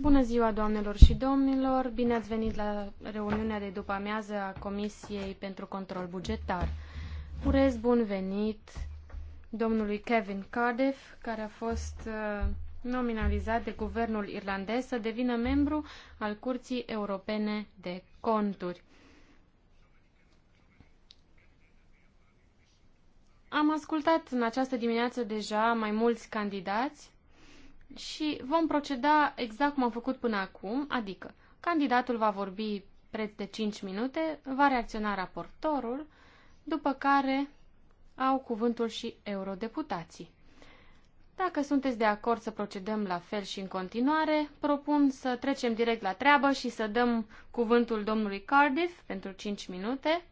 Bună ziua, doamnelor și domnilor! Bine ați venit la reuniunea de după amiază a Comisiei pentru Control Bugetar. Urez bun venit domnului Kevin Cardiff, care a fost uh, nominalizat de guvernul irlandez să devină membru al Curții Europene de Conturi. Am ascultat în această dimineață deja mai mulți candidați și vom proceda exact cum am făcut până acum, adică candidatul va vorbi preț de 5 minute, va reacționa raportorul, după care au cuvântul și eurodeputații. Dacă sunteți de acord să procedăm la fel și în continuare, propun să trecem direct la treabă și să dăm cuvântul domnului Cardiff pentru 5 minute.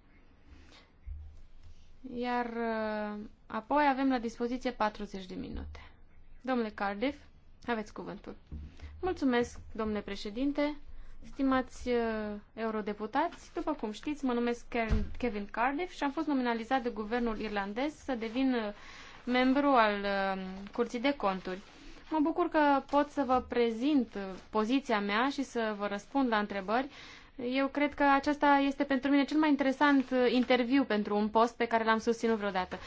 Iar uh, apoi avem la dispoziție 40 de minute. Domnule Cardiff, aveți cuvântul. Mulțumesc, domnule președinte, stimați uh, eurodeputați. După cum știți, mă numesc Kevin Cardiff și am fost nominalizat de guvernul irlandez să devin uh, membru al uh, Curții de Conturi. Mă bucur că pot să vă prezint uh, poziția mea și să vă răspund la întrebări eu cred că acesta este pentru mine cel mai interesant uh, interviu pentru un post pe care l-am susținut vreodată.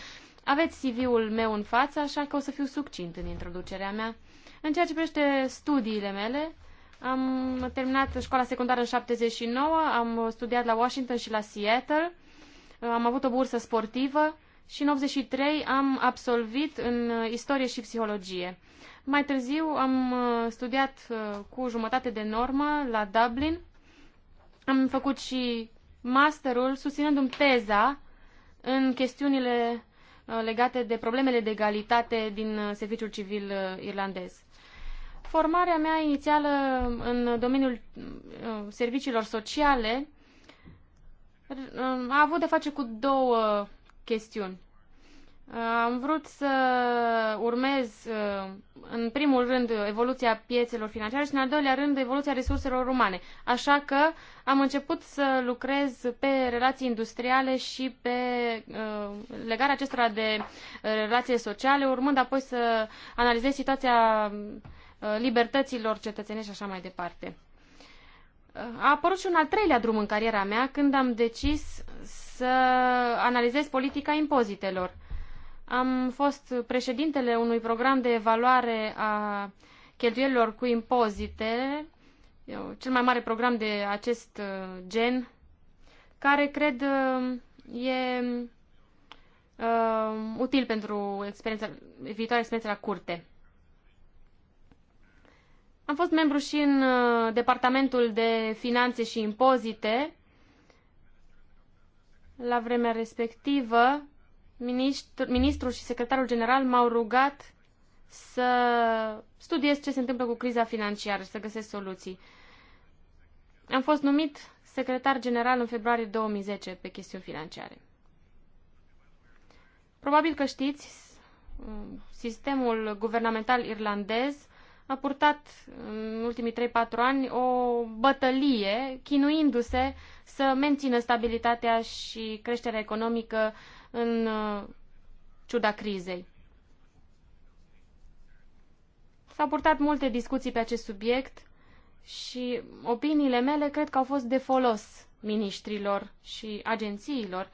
Aveți CV-ul meu în față, așa că o să fiu succint în introducerea mea. În ceea ce privește studiile mele, am terminat școala secundară în 79, am studiat la Washington și la Seattle, uh, am avut o bursă sportivă și în 83 am absolvit în uh, istorie și psihologie. Mai târziu am studiat cu jumătate de normă la Dublin am făcut și masterul susținându-mi teza în chestiunile uh, legate de problemele de egalitate din uh, serviciul civil uh, irlandez. Formarea mea inițială în domeniul serviciilor sociale a avut de face cu două chestiuni. Am vrut să urmez, uh, în primul rând, evoluția piețelor financiare și, în al doilea rând, evoluția resurselor umane. Așa că am început să lucrez pe relații industriale și pe uh, legarea acestora de uh, relații sociale, urmând apoi să analizez situația libertăților cetățenești și așa mai departe. A apărut și un al treilea drum în cariera mea când am decis să analizez politica impozitelor. Am fost președintele unui program de evaluare a cheltuielilor cu impozite, cel mai mare program de acest uh, gen, care cred uh, e uh, util pentru experiența, viitoare experiență la curte. Am fost membru și în uh, Departamentul de Finanțe și Impozite. La vremea respectivă ministru, ministrul și secretarul general m-au rugat să studiez ce se întâmplă cu criza financiară și să găsesc soluții. Am fost numit secretar general în februarie 2010 pe chestiuni financiare. Probabil că știți, sistemul guvernamental irlandez a purtat în ultimii 3-4 ani o bătălie chinuindu-se să mențină stabilitatea și creșterea economică uh, în uh, ciuda crizei. S-au purtat multe discuții pe acest subiect și opiniile mele cred că au fost de folos miniștrilor și agențiilor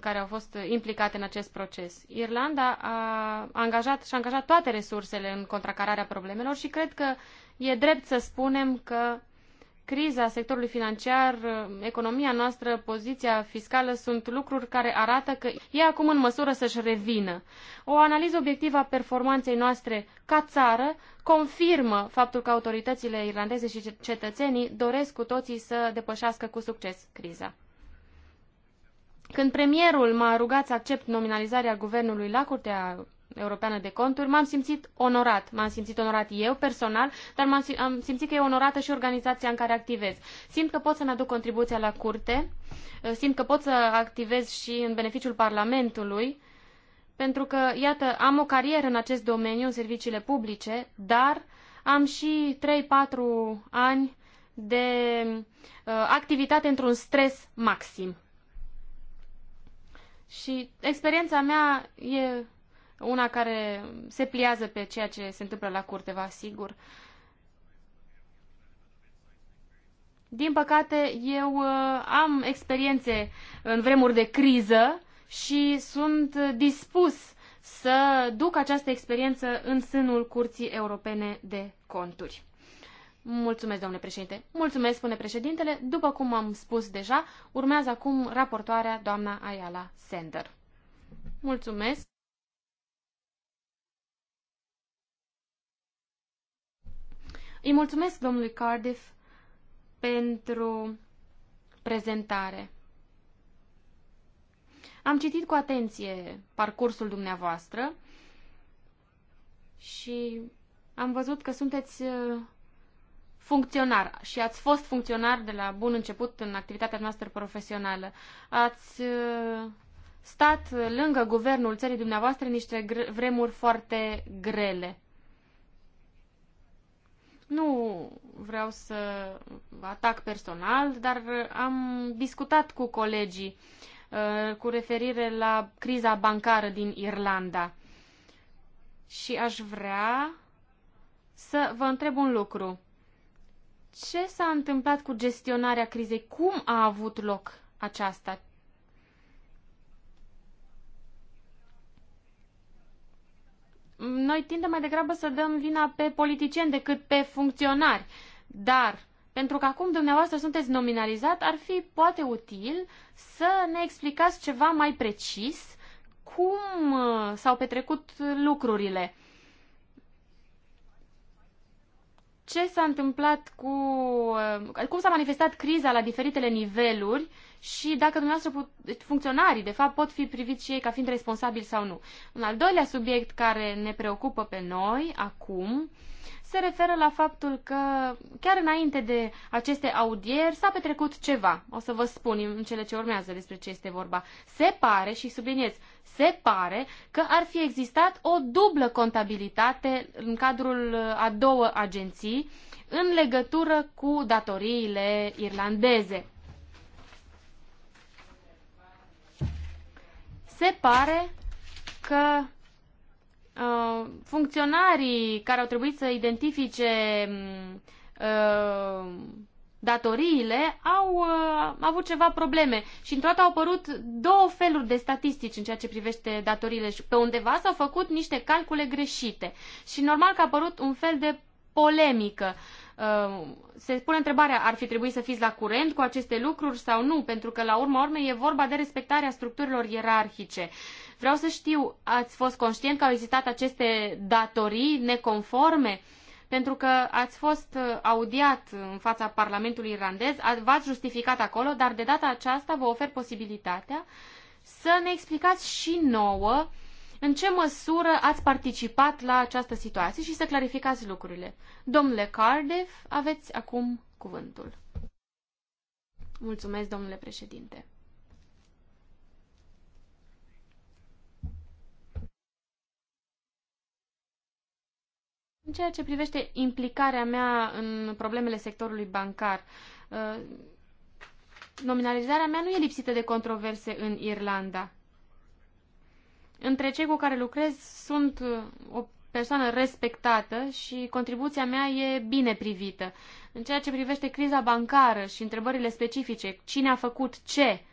care au fost implicate în acest proces. Irlanda a angajat și a angajat toate resursele în contracararea problemelor și cred că e drept să spunem că criza sectorului financiar, economia noastră, poziția fiscală sunt lucruri care arată că e acum în măsură să-și revină. O analiză obiectivă a performanței noastre ca țară confirmă faptul că autoritățile irlandeze și cetățenii doresc cu toții să depășească cu succes criza. Când premierul m-a rugat să accept nominalizarea guvernului la Curtea Europeană de Conturi, m-am simțit onorat. M-am simțit onorat eu personal, dar m-am am simțit că e onorată și organizația în care activez. Simt că pot să-mi aduc contribuția la curte, eh, simt că pot să activez și în beneficiul Parlamentului, pentru că, iată, am o carieră în acest domeniu, în serviciile publice, dar am și 3-4 ani de uh, activitate într-un stres maxim. Și experiența mea e una care se pliază pe ceea ce se întâmplă la curte, vă asigur. Din păcate, eu uh, am experiențe în vremuri de criză și sunt dispus să duc această experiență în sânul Curții Europene de Conturi. Mulțumesc, domnule președinte. Mulțumesc, spune președintele. După cum am spus deja, urmează acum raportoarea doamna Ayala Sender. Mulțumesc. Îi mulțumesc domnului Cardiff pentru prezentare. Am citit cu atenție parcursul dumneavoastră și am văzut că sunteți uh, funcționar și ați fost funcționar de la bun început în activitatea noastră profesională. Ați uh, stat lângă guvernul țării dumneavoastră niște vremuri foarte grele. Nu vreau să atac personal, dar am discutat cu colegii uh, cu referire la criza bancară din Irlanda. Și aș vrea să vă întreb un lucru. Ce s-a întâmplat cu gestionarea crizei? Cum a avut loc aceasta? noi tindem mai degrabă să dăm vina pe politicieni decât pe funcționari. Dar, pentru că acum dumneavoastră sunteți nominalizat, ar fi poate util să ne explicați ceva mai precis cum uh, s-au petrecut lucrurile. Ce s-a întâmplat cu... Uh, cum s-a manifestat criza la diferitele niveluri și dacă dumneavoastră funcționarii, de fapt, pot fi priviți și ei ca fiind responsabili sau nu. Un al doilea subiect care ne preocupă pe noi acum se referă la faptul că chiar înainte de aceste audieri s-a petrecut ceva. O să vă spun în cele ce urmează despre ce este vorba. Se pare, și subliniez, se pare că ar fi existat o dublă contabilitate în cadrul uh, a două agenții în legătură cu datoriile irlandeze. se pare că uh, funcționarii care au trebuit să identifice uh, datoriile au uh, avut ceva probleme și în toată au apărut două feluri de statistici în ceea ce privește datoriile și pe undeva s-au făcut niște calcule greșite și normal că a apărut un fel de polemică. Uh, Ehm, se pune întrebarea, ar fi trebuit să fiți la curent cu aceste lucruri sau nu? Pentru că, la urma urmei, e vorba de respectarea structurilor ierarhice. Vreau să știu, ați fost conștient că au existat aceste datorii neconforme? Pentru că ați fost uh, audiat în fața Parlamentului irlandez, v-ați justificat acolo, dar de data aceasta vă ofer posibilitatea să ne explicați și nouă uh, în ce măsură ați participat la această situație și să clarificați lucrurile? Domnule Cardiff, aveți acum cuvântul. Mulțumesc, domnule președinte. În ceea ce privește implicarea mea în problemele sectorului bancar, uh, nominalizarea mea nu e lipsită de controverse în Irlanda. Între cei cu care lucrez sunt uh, o persoană respectată și contribuția mea e bine privită. În ceea ce privește criza bancară și întrebările specifice, cine a făcut ce,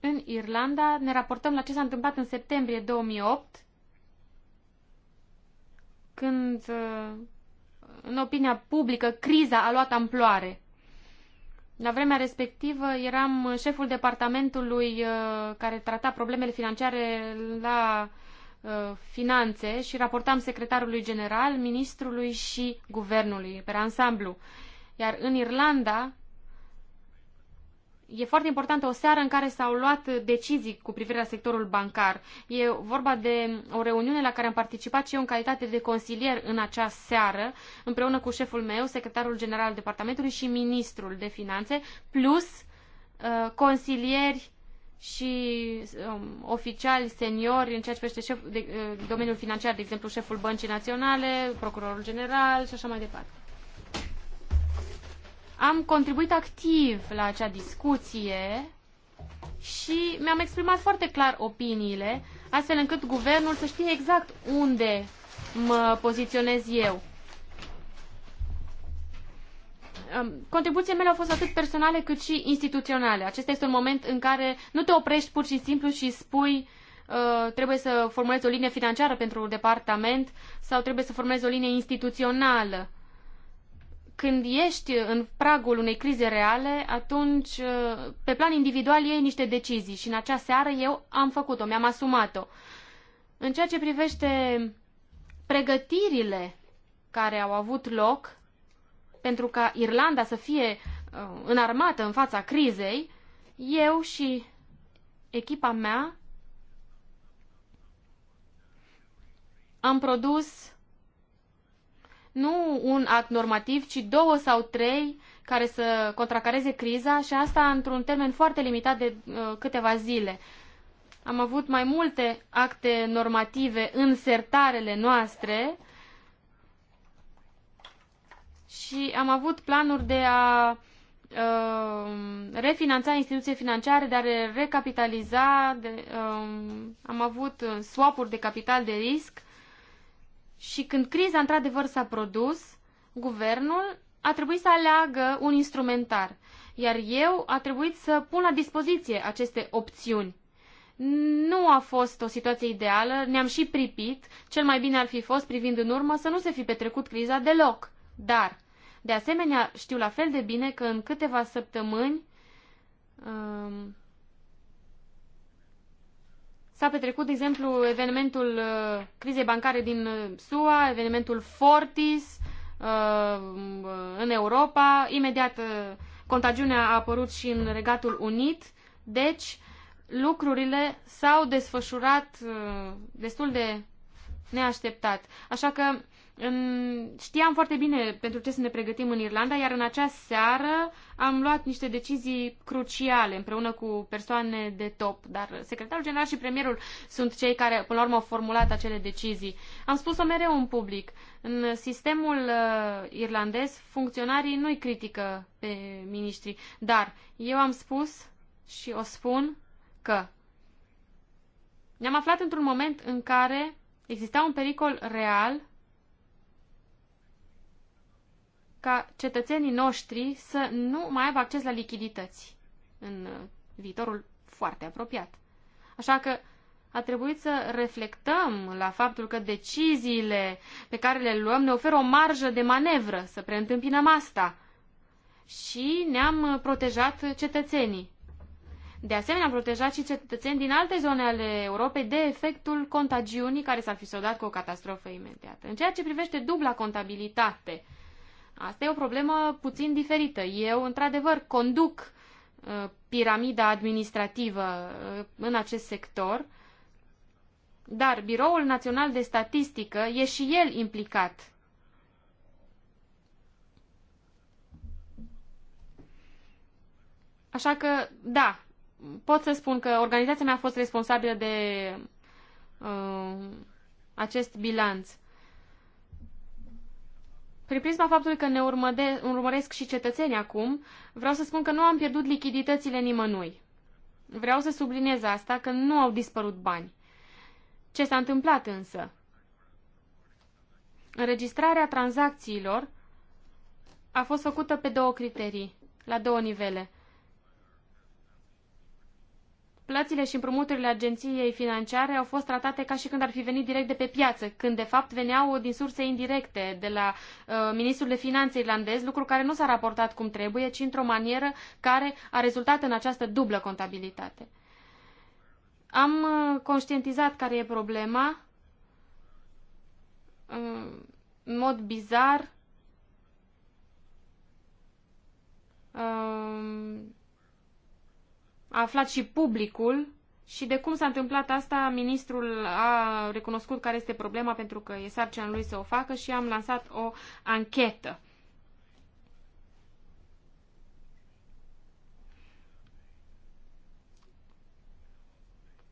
în Irlanda, ne raportăm la ce s-a întâmplat în septembrie 2008, când, uh, în opinia publică, criza a luat amploare. La vremea respectivă eram șeful departamentului uh, care trata problemele financiare la uh, finanțe și raportam secretarului general, ministrului și guvernului pe ansamblu. Iar în Irlanda, E foarte importantă o seară în care s-au luat decizii cu privire la sectorul bancar. E vorba de o reuniune la care am participat și eu în calitate de consilier în acea seară, împreună cu șeful meu, secretarul general al departamentului și ministrul de finanțe, plus uh, consilieri și um, oficiali seniori în ceea ce privește șef, de, uh, domeniul financiar, de exemplu șeful Băncii Naționale, procurorul general și așa mai departe. Am contribuit activ la acea discuție și mi-am exprimat foarte clar opiniile, astfel încât guvernul să știe exact unde mă poziționez eu. Contribuțiile mele au fost atât personale cât și instituționale. Acesta este un moment în care nu te oprești pur și simplu și spui uh, trebuie să formulezi o linie financiară pentru departament sau trebuie să formulezi o linie instituțională când ești în pragul unei crize reale, atunci, uh, pe plan individual, iei niște decizii și în acea seară eu am făcut-o, mi-am asumat-o. În ceea ce privește pregătirile care au avut loc pentru ca Irlanda să fie uh, înarmată în fața crizei, eu și echipa mea am produs nu un act normativ, ci două sau trei care să contracareze criza și asta într-un termen foarte limitat de uh, câteva zile. Am avut mai multe acte normative în sertarele noastre și am avut planuri de a uh, refinanța instituții financiare, de a recapitaliza, de, uh, am avut swap-uri de capital de risc și când criza într-adevăr s-a produs, guvernul a trebuit să aleagă un instrumentar, iar eu a trebuit să pun la dispoziție aceste opțiuni. Nu a fost o situație ideală, ne-am și pripit, cel mai bine ar fi fost, privind în urmă, să nu se fi petrecut criza deloc. Dar, de asemenea, știu la fel de bine că în câteva săptămâni um, S-a petrecut, de exemplu, evenimentul uh, crizei bancare din uh, SUA, evenimentul Fortis uh, în Europa. Imediat uh, contagiunea a apărut și în Regatul Unit. Deci, lucrurile s-au desfășurat uh, destul de neașteptat. Așa că în... Știam foarte bine pentru ce să ne pregătim în Irlanda, iar în acea seară am luat niște decizii cruciale împreună cu persoane de top, dar secretarul general și premierul sunt cei care, până la urmă, au formulat acele decizii. Am spus-o mereu în public. În sistemul uh, irlandez, funcționarii nu-i critică pe miniștri, dar eu am spus și o spun că ne-am aflat într-un moment în care exista un pericol real ca cetățenii noștri să nu mai aibă acces la lichidități în uh, viitorul foarte apropiat. Așa că a trebuit să reflectăm la faptul că deciziile pe care le luăm ne oferă o marjă de manevră, să preîntâmpinăm asta. Și ne-am uh, protejat cetățenii. De asemenea, am protejat și cetățeni din alte zone ale Europei de efectul contagiunii care s-ar fi sodat cu o catastrofă imediată. În ceea ce privește dubla contabilitate, Asta e o problemă puțin diferită. Eu, într-adevăr, conduc uh, piramida administrativă uh, în acest sector, dar Biroul Național de Statistică e și el implicat. Așa că, da, pot să spun că organizația mea a fost responsabilă de uh, acest bilanț. Prin prisma faptului că ne urmăresc și cetățenii acum, vreau să spun că nu am pierdut lichiditățile nimănui. Vreau să subliniez asta, că nu au dispărut bani. Ce s-a întâmplat însă? Înregistrarea tranzacțiilor a fost făcută pe două criterii, la două nivele. Plățile și împrumuturile agenției financiare au fost tratate ca și când ar fi venit direct de pe piață, când de fapt veneau din surse indirecte de la uh, ministrul de finanțe irlandez, lucru care nu s-a raportat cum trebuie, ci într-o manieră care a rezultat în această dublă contabilitate. Am uh, conștientizat care e problema. Uh, în mod bizar, uh, a aflat și publicul și de cum s-a întâmplat asta, ministrul a recunoscut care este problema pentru că e sarcina lui să o facă și am lansat o anchetă.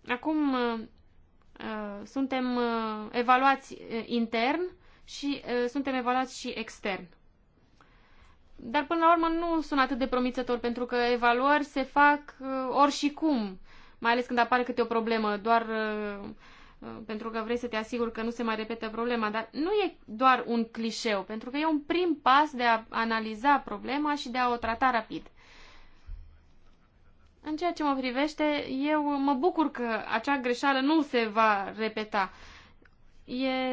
Acum uh, uh suntem uh, evaluați uh, intern și uh, suntem evaluați și extern dar până la urmă nu sunt atât de promițător, pentru că evaluări se fac uh, ori și cum, mai ales când apare câte o problemă, doar uh, uh, pentru că vrei să te asiguri că nu se mai repetă problema, dar nu e doar un clișeu, pentru că e un prim pas de a analiza problema și de a o trata rapid. În ceea ce mă privește, eu mă bucur că acea greșeală nu se va repeta. E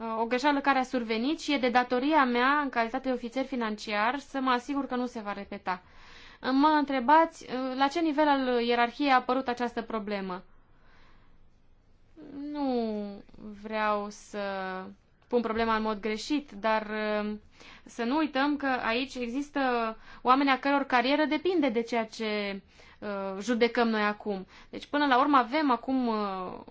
Uh, o greșeală care a survenit și e de datoria mea, în calitate de ofițer financiar, să mă asigur că nu se va repeta. Uh, mă întrebați uh, la ce nivel al ierarhiei a apărut această problemă. Nu vreau să pun problema în mod greșit, dar um, să nu uităm că aici există oameni a căror carieră depinde de ceea ce uh, judecăm noi acum. Deci, până la urmă, avem acum uh,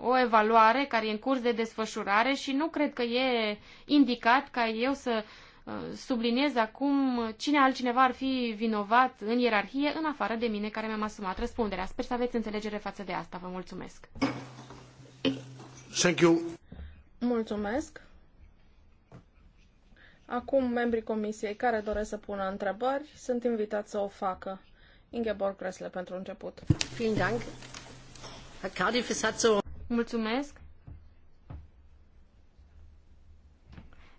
o evaluare care e în curs de desfășurare și nu cred că e indicat ca eu să uh, subliniez acum cine altcineva ar fi vinovat în ierarhie, în afară de mine care mi-am asumat răspunderea. Sper să aveți înțelegere față de asta. Vă mulțumesc. Thank you. Mulțumesc. Acum, membrii comisiei care doresc să pună întrebări sunt invitați să o facă. Ingeborg Cresle, pentru început. Mulțumesc.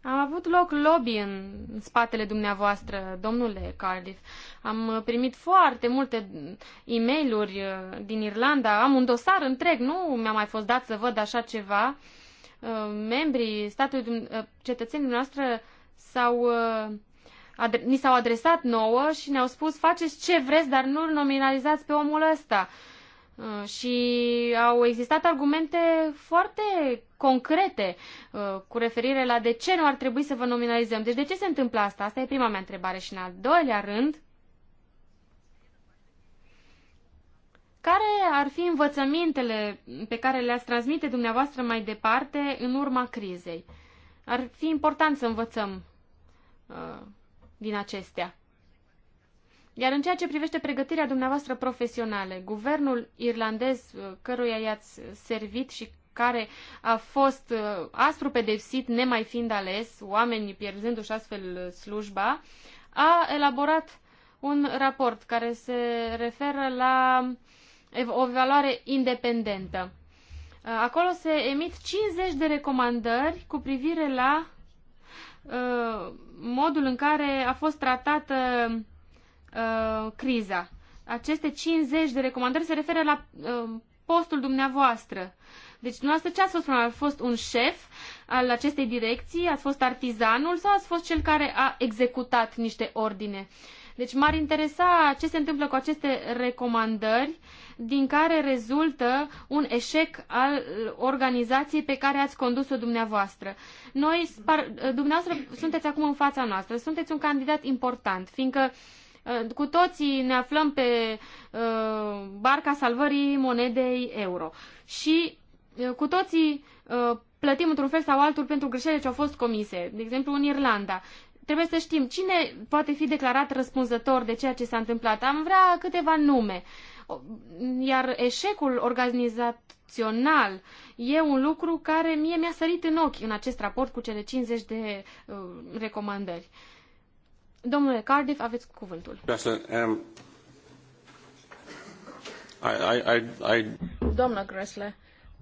Am avut loc lobby în spatele dumneavoastră, domnule Cardiff. Am primit foarte multe e mail uh, din Irlanda. Am un dosar întreg, nu mi-a mai fost dat să văd așa ceva. Uh, membrii statului, uh, cetățenii noastre s-au, uh, adre- ni s-au adresat nouă și ne-au spus faceți ce vreți, dar nu nominalizați pe omul ăsta. Uh, și au existat argumente foarte concrete uh, cu referire la de ce nu ar trebui să vă nominalizăm. Deci de ce se întâmplă asta? Asta e prima mea întrebare. Și în al doilea rând, Care ar fi învățămintele pe care le-ați transmite dumneavoastră mai departe în urma crizei? Ar fi important să învățăm Uh, din acestea. Iar în ceea ce privește pregătirea dumneavoastră profesională, guvernul irlandez uh, căruia i-ați servit și care a fost uh, aspru pedepsit, nemai fiind ales, oamenii pierzându-și astfel slujba, a elaborat un raport care se referă la o valoare independentă. Acolo se emit 50 de recomandări cu privire la Uh, modul în care a fost tratată uh, criza. Aceste 50 de recomandări se referă la uh, postul dumneavoastră. Deci, dumneavoastră ce ați fost A fost un șef al acestei direcții? Ați fost artizanul sau ați fost cel care a executat niște ordine? Uh, deci m-ar interesa ce se întâmplă cu aceste recomandări din care rezultă un eșec al organizației pe care ați condus-o dumneavoastră. Noi, dumneavoastră, sunteți acum în fața noastră, sunteți un candidat important, fiindcă uh, cu toții ne aflăm pe uh, barca salvării monedei euro și uh, cu toții uh, plătim într-un fel sau altul pentru greșelile ce au fost comise, de exemplu în Irlanda trebuie să știm cine poate fi declarat răspunzător de ceea ce s-a întâmplat. Am vrea câteva nume. Iar eșecul organizațional e un lucru care mie mi-a sărit în ochi în acest raport cu cele 50 de uh, recomandări. Domnule Cardiff, aveți cuvântul. Um, I, I, I, I... Gresle,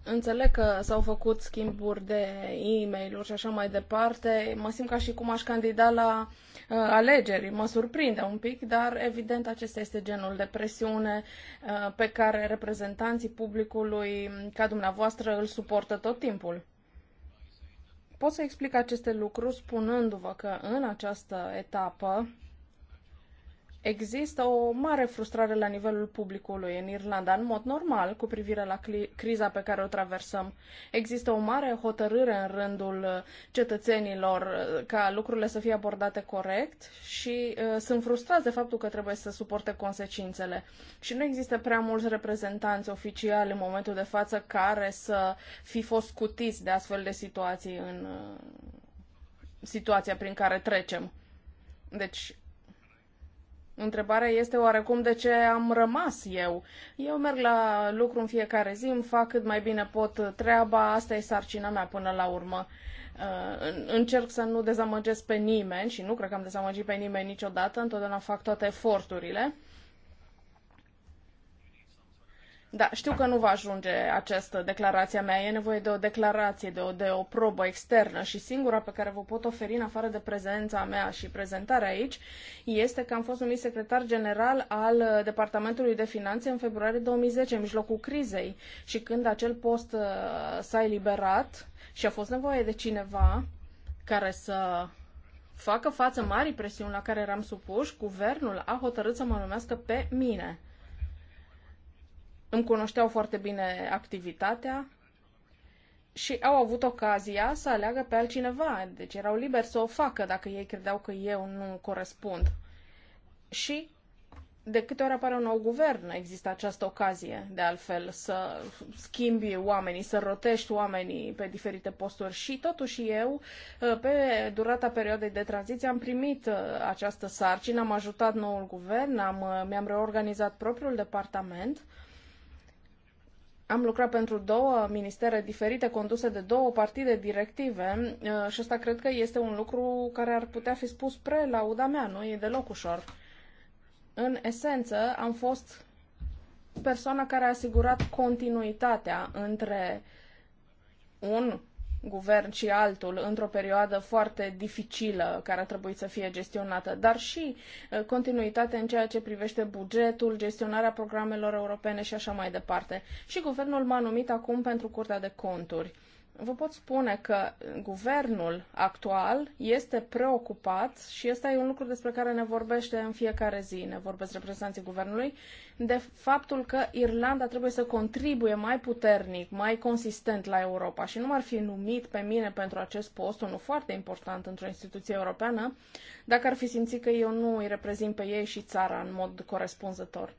Înțeleg că s-au făcut schimburi de e mail și așa mai departe. Mă simt ca și cum aș candida la uh, alegeri. Mă surprinde un pic, dar evident acesta este genul de presiune uh, pe care reprezentanții publicului ca dumneavoastră îl suportă tot timpul. Pot să explic aceste lucruri spunându-vă că în această etapă Există o mare frustrare la nivelul publicului în Irlanda, în mod normal, cu privire la criza pe care o traversăm. Există o mare hotărâre în rândul uh, cetățenilor uh, ca lucrurile să fie abordate corect și uh, sunt frustrați de faptul că trebuie să suporte consecințele. Și nu există prea mulți reprezentanți oficiali în momentul de față care să fi fost scutiți de astfel de situații în uh, situația prin care trecem. Deci, Întrebarea este oarecum de ce am rămas eu. Eu merg la lucru în fiecare zi, îmi fac cât mai bine pot treaba, asta e sarcina mea până la urmă. Uh, încerc să nu dezamăgesc pe nimeni și nu cred că am dezamăgit pe nimeni niciodată, întotdeauna fac toate eforturile da, știu că nu va ajunge această declarație mea. E nevoie de o declarație, de o, de o probă externă și singura pe care vă pot oferi, în afară de prezența mea și prezentarea aici, este că am fost numit secretar general al uh, Departamentului de Finanțe în februarie 2010, în mijlocul crizei. Și când acel post uh, s-a eliberat și a fost nevoie de cineva care să facă față marii presiuni la care eram supuși, guvernul a hotărât să mă numească pe mine îmi cunoșteau foarte bine activitatea și au avut ocazia să aleagă pe altcineva, deci erau liberi să o facă dacă ei credeau că eu nu corespund. Și de câte ori apare un nou guvern, există această ocazie, de altfel, să schimbi oamenii, să rotești oamenii pe diferite posturi. Și totuși eu, pe durata perioadei de tranziție, am primit uh, această sarcină, am ajutat noul guvern, am, uh, mi-am reorganizat propriul departament am lucrat pentru două ministere diferite, conduse de două partide directive uh, și asta cred că este un lucru care ar putea fi spus pre-lauda mea, nu e deloc ușor. În esență, am fost persoana care a asigurat continuitatea între un guvern și altul într-o perioadă foarte dificilă care a trebuit să fie gestionată, dar și uh, continuitate în ceea ce privește bugetul, gestionarea programelor europene și așa mai departe. Și guvernul m-a numit acum pentru Curtea de Conturi vă pot spune că guvernul actual este preocupat și ăsta e un lucru despre care ne vorbește în fiecare zi, ne vorbesc reprezentanții guvernului, de faptul că Irlanda trebuie să contribuie mai puternic, mai consistent la Europa și nu m-ar fi numit pe mine pentru acest post, unul foarte important într-o instituție europeană, dacă ar fi simțit că eu nu îi reprezint pe ei și țara în mod corespunzător.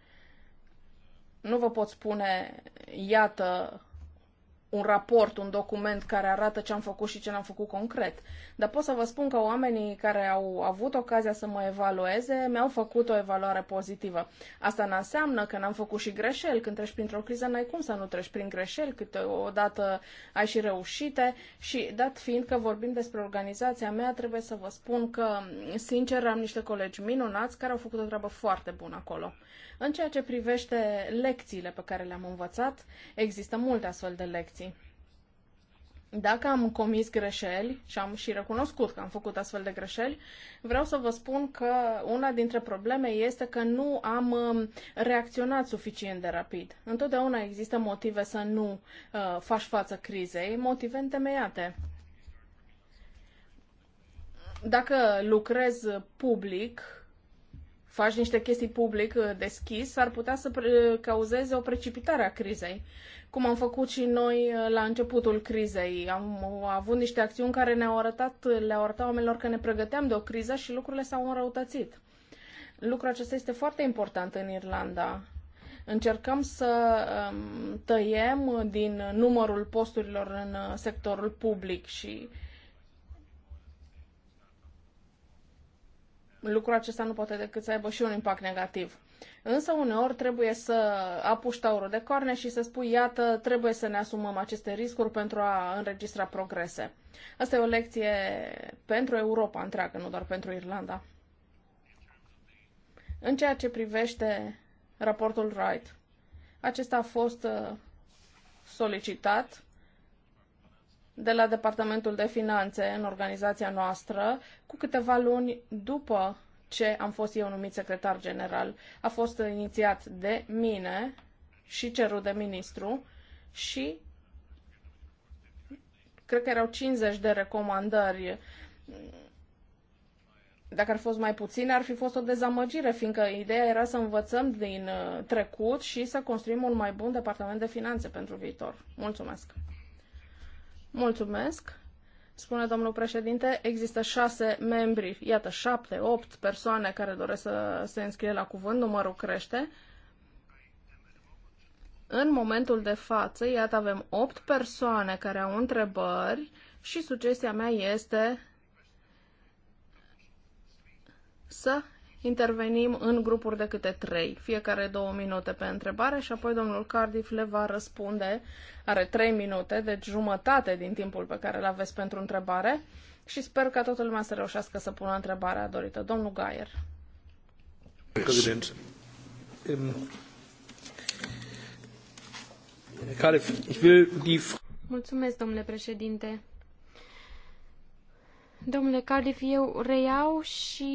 Nu vă pot spune, iată, un raport, un document care arată ce am făcut și ce n-am făcut concret. Dar pot să vă spun că oamenii care au avut ocazia să mă evalueze mi-au făcut o evaluare pozitivă. Asta nu înseamnă că n-am făcut și greșeli. Când treci printr-o criză, n-ai cum să nu treci prin greșeli. Câteodată ai și reușite. Și dat fiind că vorbim despre organizația mea, trebuie să vă spun că, sincer, am niște colegi minunați care au făcut o treabă foarte bună acolo. În ceea ce privește lecțiile pe care le-am învățat, există multe astfel de lecții situații. Dacă am comis greșeli și am și recunoscut că am făcut astfel de greșeli, vreau să vă spun că una dintre probleme este că nu am um, reacționat suficient de rapid. Întotdeauna există motive să nu uh, faci față crizei, motive întemeiate dacă lucrez public, faci niște chestii public uh, deschis, ar putea să cauzeze o precipitare a crizei cum am făcut și noi uh, la începutul crizei. Am avut niște acțiuni care ne-au arătat, le-au arătat oamenilor că ne pregăteam de o criză și lucrurile s-au înrăutățit. Lucrul acesta este foarte important în Irlanda. Încercăm să um, tăiem din numărul posturilor în uh, sectorul public și lucrul acesta nu poate decât să aibă și un impact negativ. Însă uneori trebuie să apuși taurul de corne și să spui, iată, trebuie să ne asumăm aceste riscuri pentru a înregistra progrese. Asta e o lecție pentru Europa întreagă, nu doar pentru Irlanda. În ceea ce privește raportul Wright, acesta a fost uh, solicitat de la Departamentul de Finanțe în organizația noastră cu câteva luni după ce am fost eu numit secretar general. A fost inițiat de mine și cerut de ministru și cred că erau 50 de recomandări. Dacă ar fost mai puțin, ar fi fost o dezamăgire, fiindcă ideea era să învățăm din uh, trecut și să construim un mai bun departament de finanțe pentru viitor. Mulțumesc! Mulțumesc! spune domnul președinte, există șase membri, iată șapte, opt persoane care doresc să se înscrie la cuvânt, numărul crește. În momentul de față, iată, avem opt persoane care au întrebări și sugestia mea este să intervenim în grupuri de câte trei, fiecare două minute pe întrebare și apoi domnul Cardiff le va răspunde, are trei minute, deci jumătate din timpul pe care îl aveți pentru întrebare și sper ca toată lumea să reușească să pună întrebarea dorită. Domnul Gaier. Um, Mulțumesc, domnule președinte. Domnule Cardiff, eu reiau și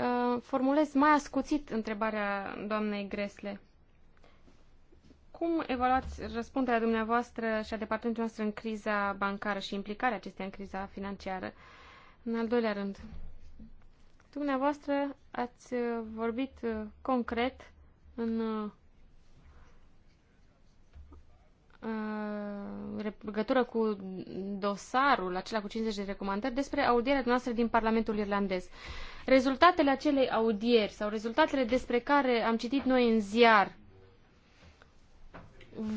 uh, formulez mai ascuțit întrebarea doamnei Gresle. Cum evaluați răspunderea dumneavoastră și a departamentului noastră în criza bancară și implicarea acesteia în criza financiară? În al doilea rând, dumneavoastră ați vorbit uh, concret în uh, Uh, legătură cu dosarul acela cu 50 de recomandări despre audierea noastră din Parlamentul Irlandez. Rezultatele acelei audieri sau rezultatele despre care am citit noi în ziar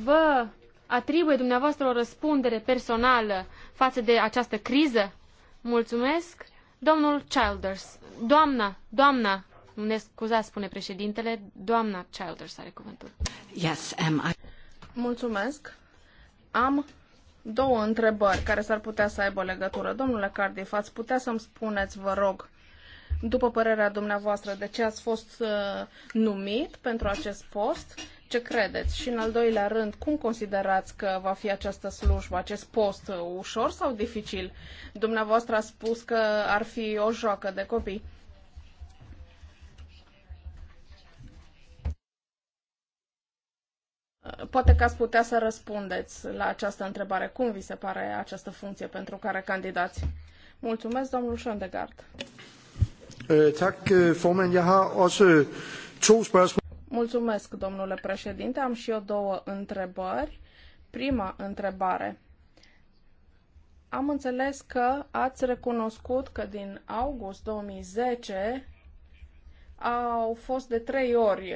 vă atribuie dumneavoastră o răspundere personală față de această criză? Mulțumesc. Domnul Childers. Doamna, doamna, ne scuzați, spune președintele, doamna Childers are cuvântul. Yes, um, I... Mulțumesc. Am două întrebări care s-ar putea să aibă legătură. Domnule Cardiff, ați putea să-mi spuneți, vă rog, după părerea dumneavoastră, de ce ați fost uh, numit pentru acest post? Ce credeți? Și în al doilea rând, cum considerați că va fi această slujbă, acest post, uh, ușor sau dificil? Dumneavoastră a spus că ar fi o joacă de copii. Poate că ați putea să răspundeți la această întrebare. Cum vi se pare această funcție pentru care candidați? Mulțumesc, domnul Schöndegard. Øh, øh, Mulțumesc, domnule președinte. Am și eu două întrebări. Prima întrebare. Am înțeles că ați recunoscut că din august 2010 au fost de trei ori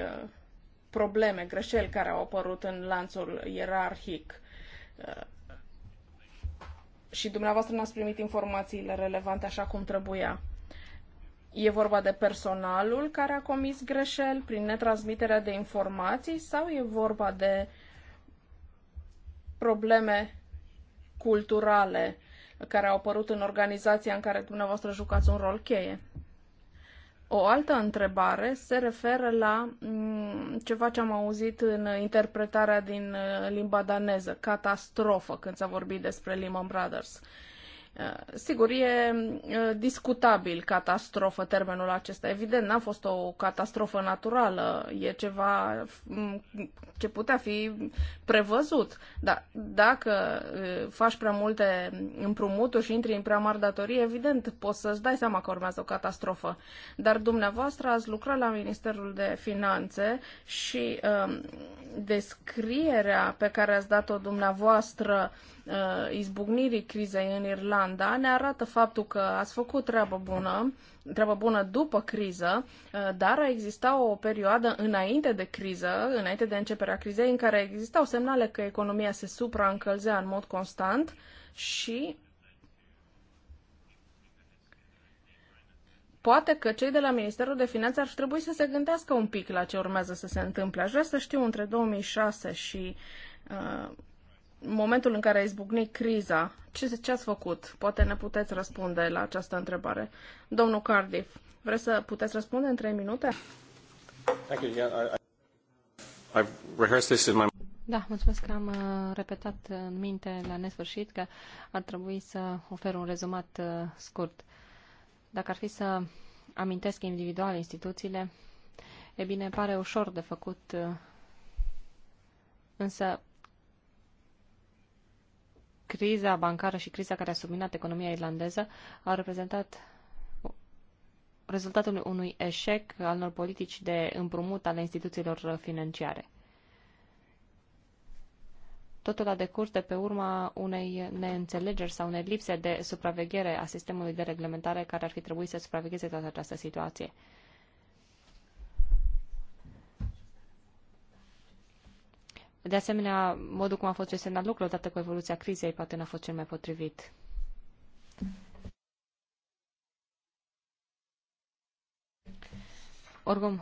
probleme, greșeli care au apărut în lanțul ierarhic uh, și dumneavoastră n-ați primit informațiile relevante așa cum trebuia. E vorba de personalul care a comis greșeli prin netransmiterea de informații sau e vorba de probleme culturale care au apărut în organizația în care dumneavoastră jucați un rol cheie? O altă întrebare se referă la mm, ceva ce am auzit în interpretarea din uh, limba daneză, catastrofă, când s-a vorbit despre Lehman Brothers. Uh, Eh, sigur, e eh, discutabil catastrofă termenul acesta. Evident, n-a fost o catastrofă naturală, e ceva mm, ce putea fi prevăzut. Dar dacă eh, faci prea multe împrumuturi și intri în prea mari datorii, evident, poți să-ți dai seama că urmează o catastrofă. Dar dumneavoastră ați lucrat la Ministerul de Finanțe și uh, descrierea pe care ați dat-o dumneavoastră uh, uh, izbucnirii crizei în Irlanda ne arată faptul că ați făcut treabă bună, treabă bună după criză, uh, dar a exista o perioadă înainte de criză, înainte de începerea crizei, în care existau semnale că economia se supraîncălzea în mod constant și poate că cei de la Ministerul de Finanțe ar trebui să se gândească un pic la ce urmează să se întâmple. Aș vrea să știu între 2006 și uh, momentul în care a izbucnit criza, ce, ce ați făcut? Poate ne puteți răspunde la această întrebare. Domnul Cardiff, vreți să puteți răspunde în trei minute? Da, mulțumesc că am uh, repetat în minte la nesfârșit că ar trebui să ofer un rezumat uh, scurt. Dacă ar fi să amintesc individual instituțiile, e bine, pare ușor de făcut, uh, însă criza bancară și criza care a subminat economia irlandeză au reprezentat rezultatul unui eșec al unor politici de împrumut ale instituțiilor financiare. Totul a decurs de pe urma unei neînțelegeri sau unei lipse de supraveghere a sistemului de reglementare care ar fi trebuit să supravegheze toată această situație. De asemenea, modul cum a fost gestionat lucrul odată cu evoluția crizei poate n-a fost cel mai potrivit. Oricum,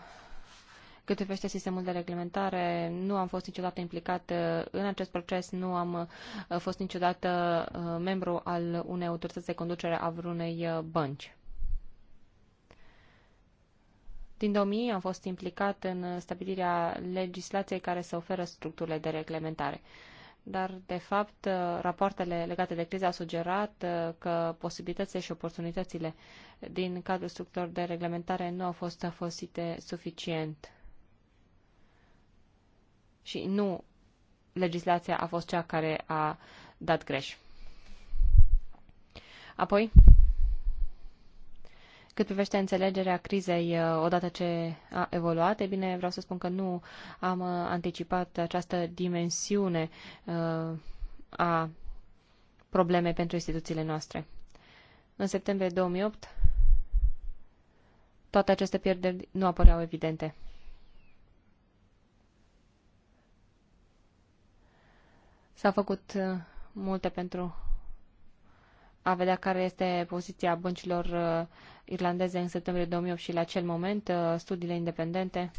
cât privește sistemul de reglementare, nu am fost niciodată implicat uh, în acest proces, nu am uh, fost niciodată uh, membru al unei autorități de conducere a vreunei bănci. Din 2000 am fost implicat în stabilirea legislației care să oferă structurile de reglementare. Dar, de fapt, rapoartele legate de criză au sugerat uh, că posibilitățile și oportunitățile din cadrul structurilor de reglementare nu au fost folosite suficient. Și nu legislația a fost cea care a dat greș. Apoi, cât privește înțelegerea crizei uh, odată ce a evoluat, e bine, vreau să spun că nu am uh, anticipat această dimensiune uh, a problemei pentru instituțiile noastre. În septembrie 2008, toate aceste pierderi nu apăreau evidente. S-au făcut multe pentru a vedea care este poziția băncilor uh, irlandeze în septembrie 2008 și la acel moment uh, studiile independente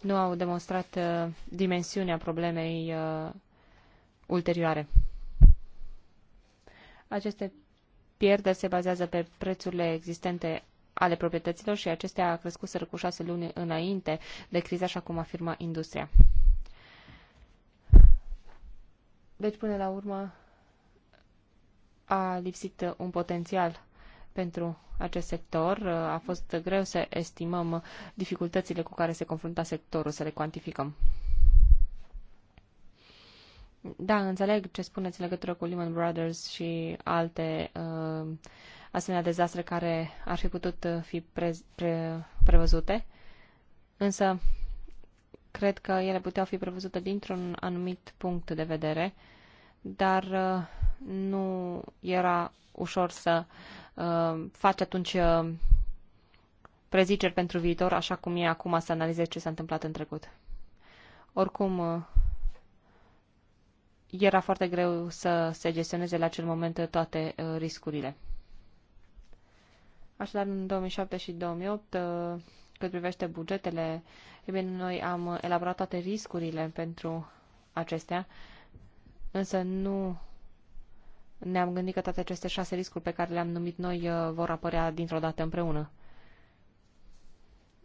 nu au demonstrat uh, dimensiunea problemei ulterioare. Aceste pierderi se bazează pe prețurile existente ale proprietăților și acestea crescut cu șase luni înainte de criză, așa cum afirma industria. Deci, până la urmă, a lipsit uh, un potențial pentru acest sector. Uh, a fost greu să estimăm dificultățile cu care se confrunta sectorul, să le cuantificăm. Da, înțeleg ce spuneți în legătură cu Lehman Brothers și alte uh, asemenea dezastre care ar fi putut uh, fi pre- pre- prevăzute, însă cred că ele puteau fi prevăzute dintr-un anumit punct de vedere, dar uh, nu era ușor să uh, faci atunci uh, preziceri pentru viitor, așa cum e acum să analizezi ce s-a întâmplat în trecut. Oricum, uh, era foarte greu să se gestioneze la acel moment toate uh, riscurile. Așadar, în 2007 și 2008, uh, cât privește bugetele, e bine, noi am elaborat toate riscurile pentru acestea, însă nu ne-am gândit că toate aceste șase riscuri pe care le-am numit noi uh, vor apărea dintr-o dată împreună.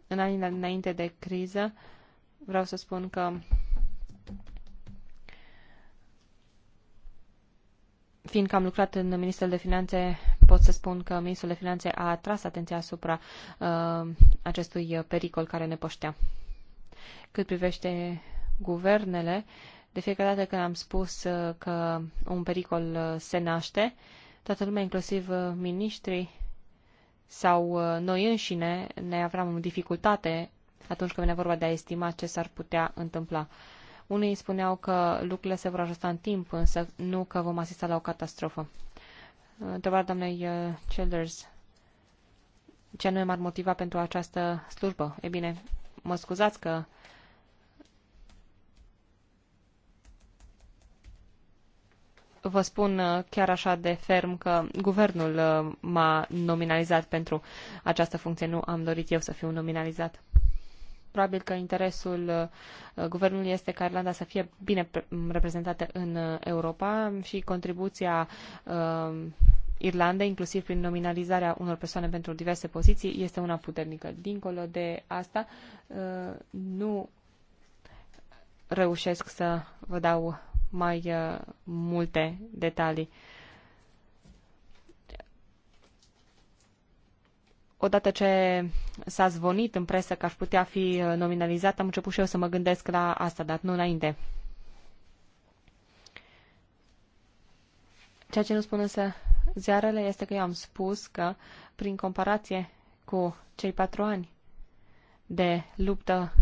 În anii înainte de criză, vreau să spun că fiindcă am lucrat în Ministerul de Finanțe, pot să spun că Ministrul de Finanțe a atras atenția asupra uh, acestui pericol care ne păștea. Cât privește guvernele, de fiecare dată când am spus uh, că un pericol uh, se naște, toată lumea, inclusiv uh, miniștrii sau noi înșine, ne aveam dificultate atunci când venea vorba de a estima ce s-ar putea întâmpla. Unii spuneau că lucrurile se vor ajusta în timp, însă nu că vom asista la o catastrofă. Întrebarea doamnei Childers, ce nu m-ar motiva pentru această slujbă? E bine, mă scuzați că vă spun uh, chiar așa de ferm că guvernul uh, m-a nominalizat pentru această funcție. Nu am dorit eu să fiu nominalizat. Probabil că interesul uh, guvernului este ca Irlanda să fie bine reprezentată în Europa și contribuția Irlandei, inclusiv prin nominalizarea unor persoane pentru diverse poziții, este una puternică. Dincolo de asta, nu reușesc să vă dau mai uh, multe detalii. Odată ce s-a zvonit în presă că aș putea fi uh, nominalizat, am început și eu să mă gândesc la asta, dar nu înainte. Ceea ce nu spun însă ziarele este că eu am spus că, prin comparație cu cei patru ani de luptă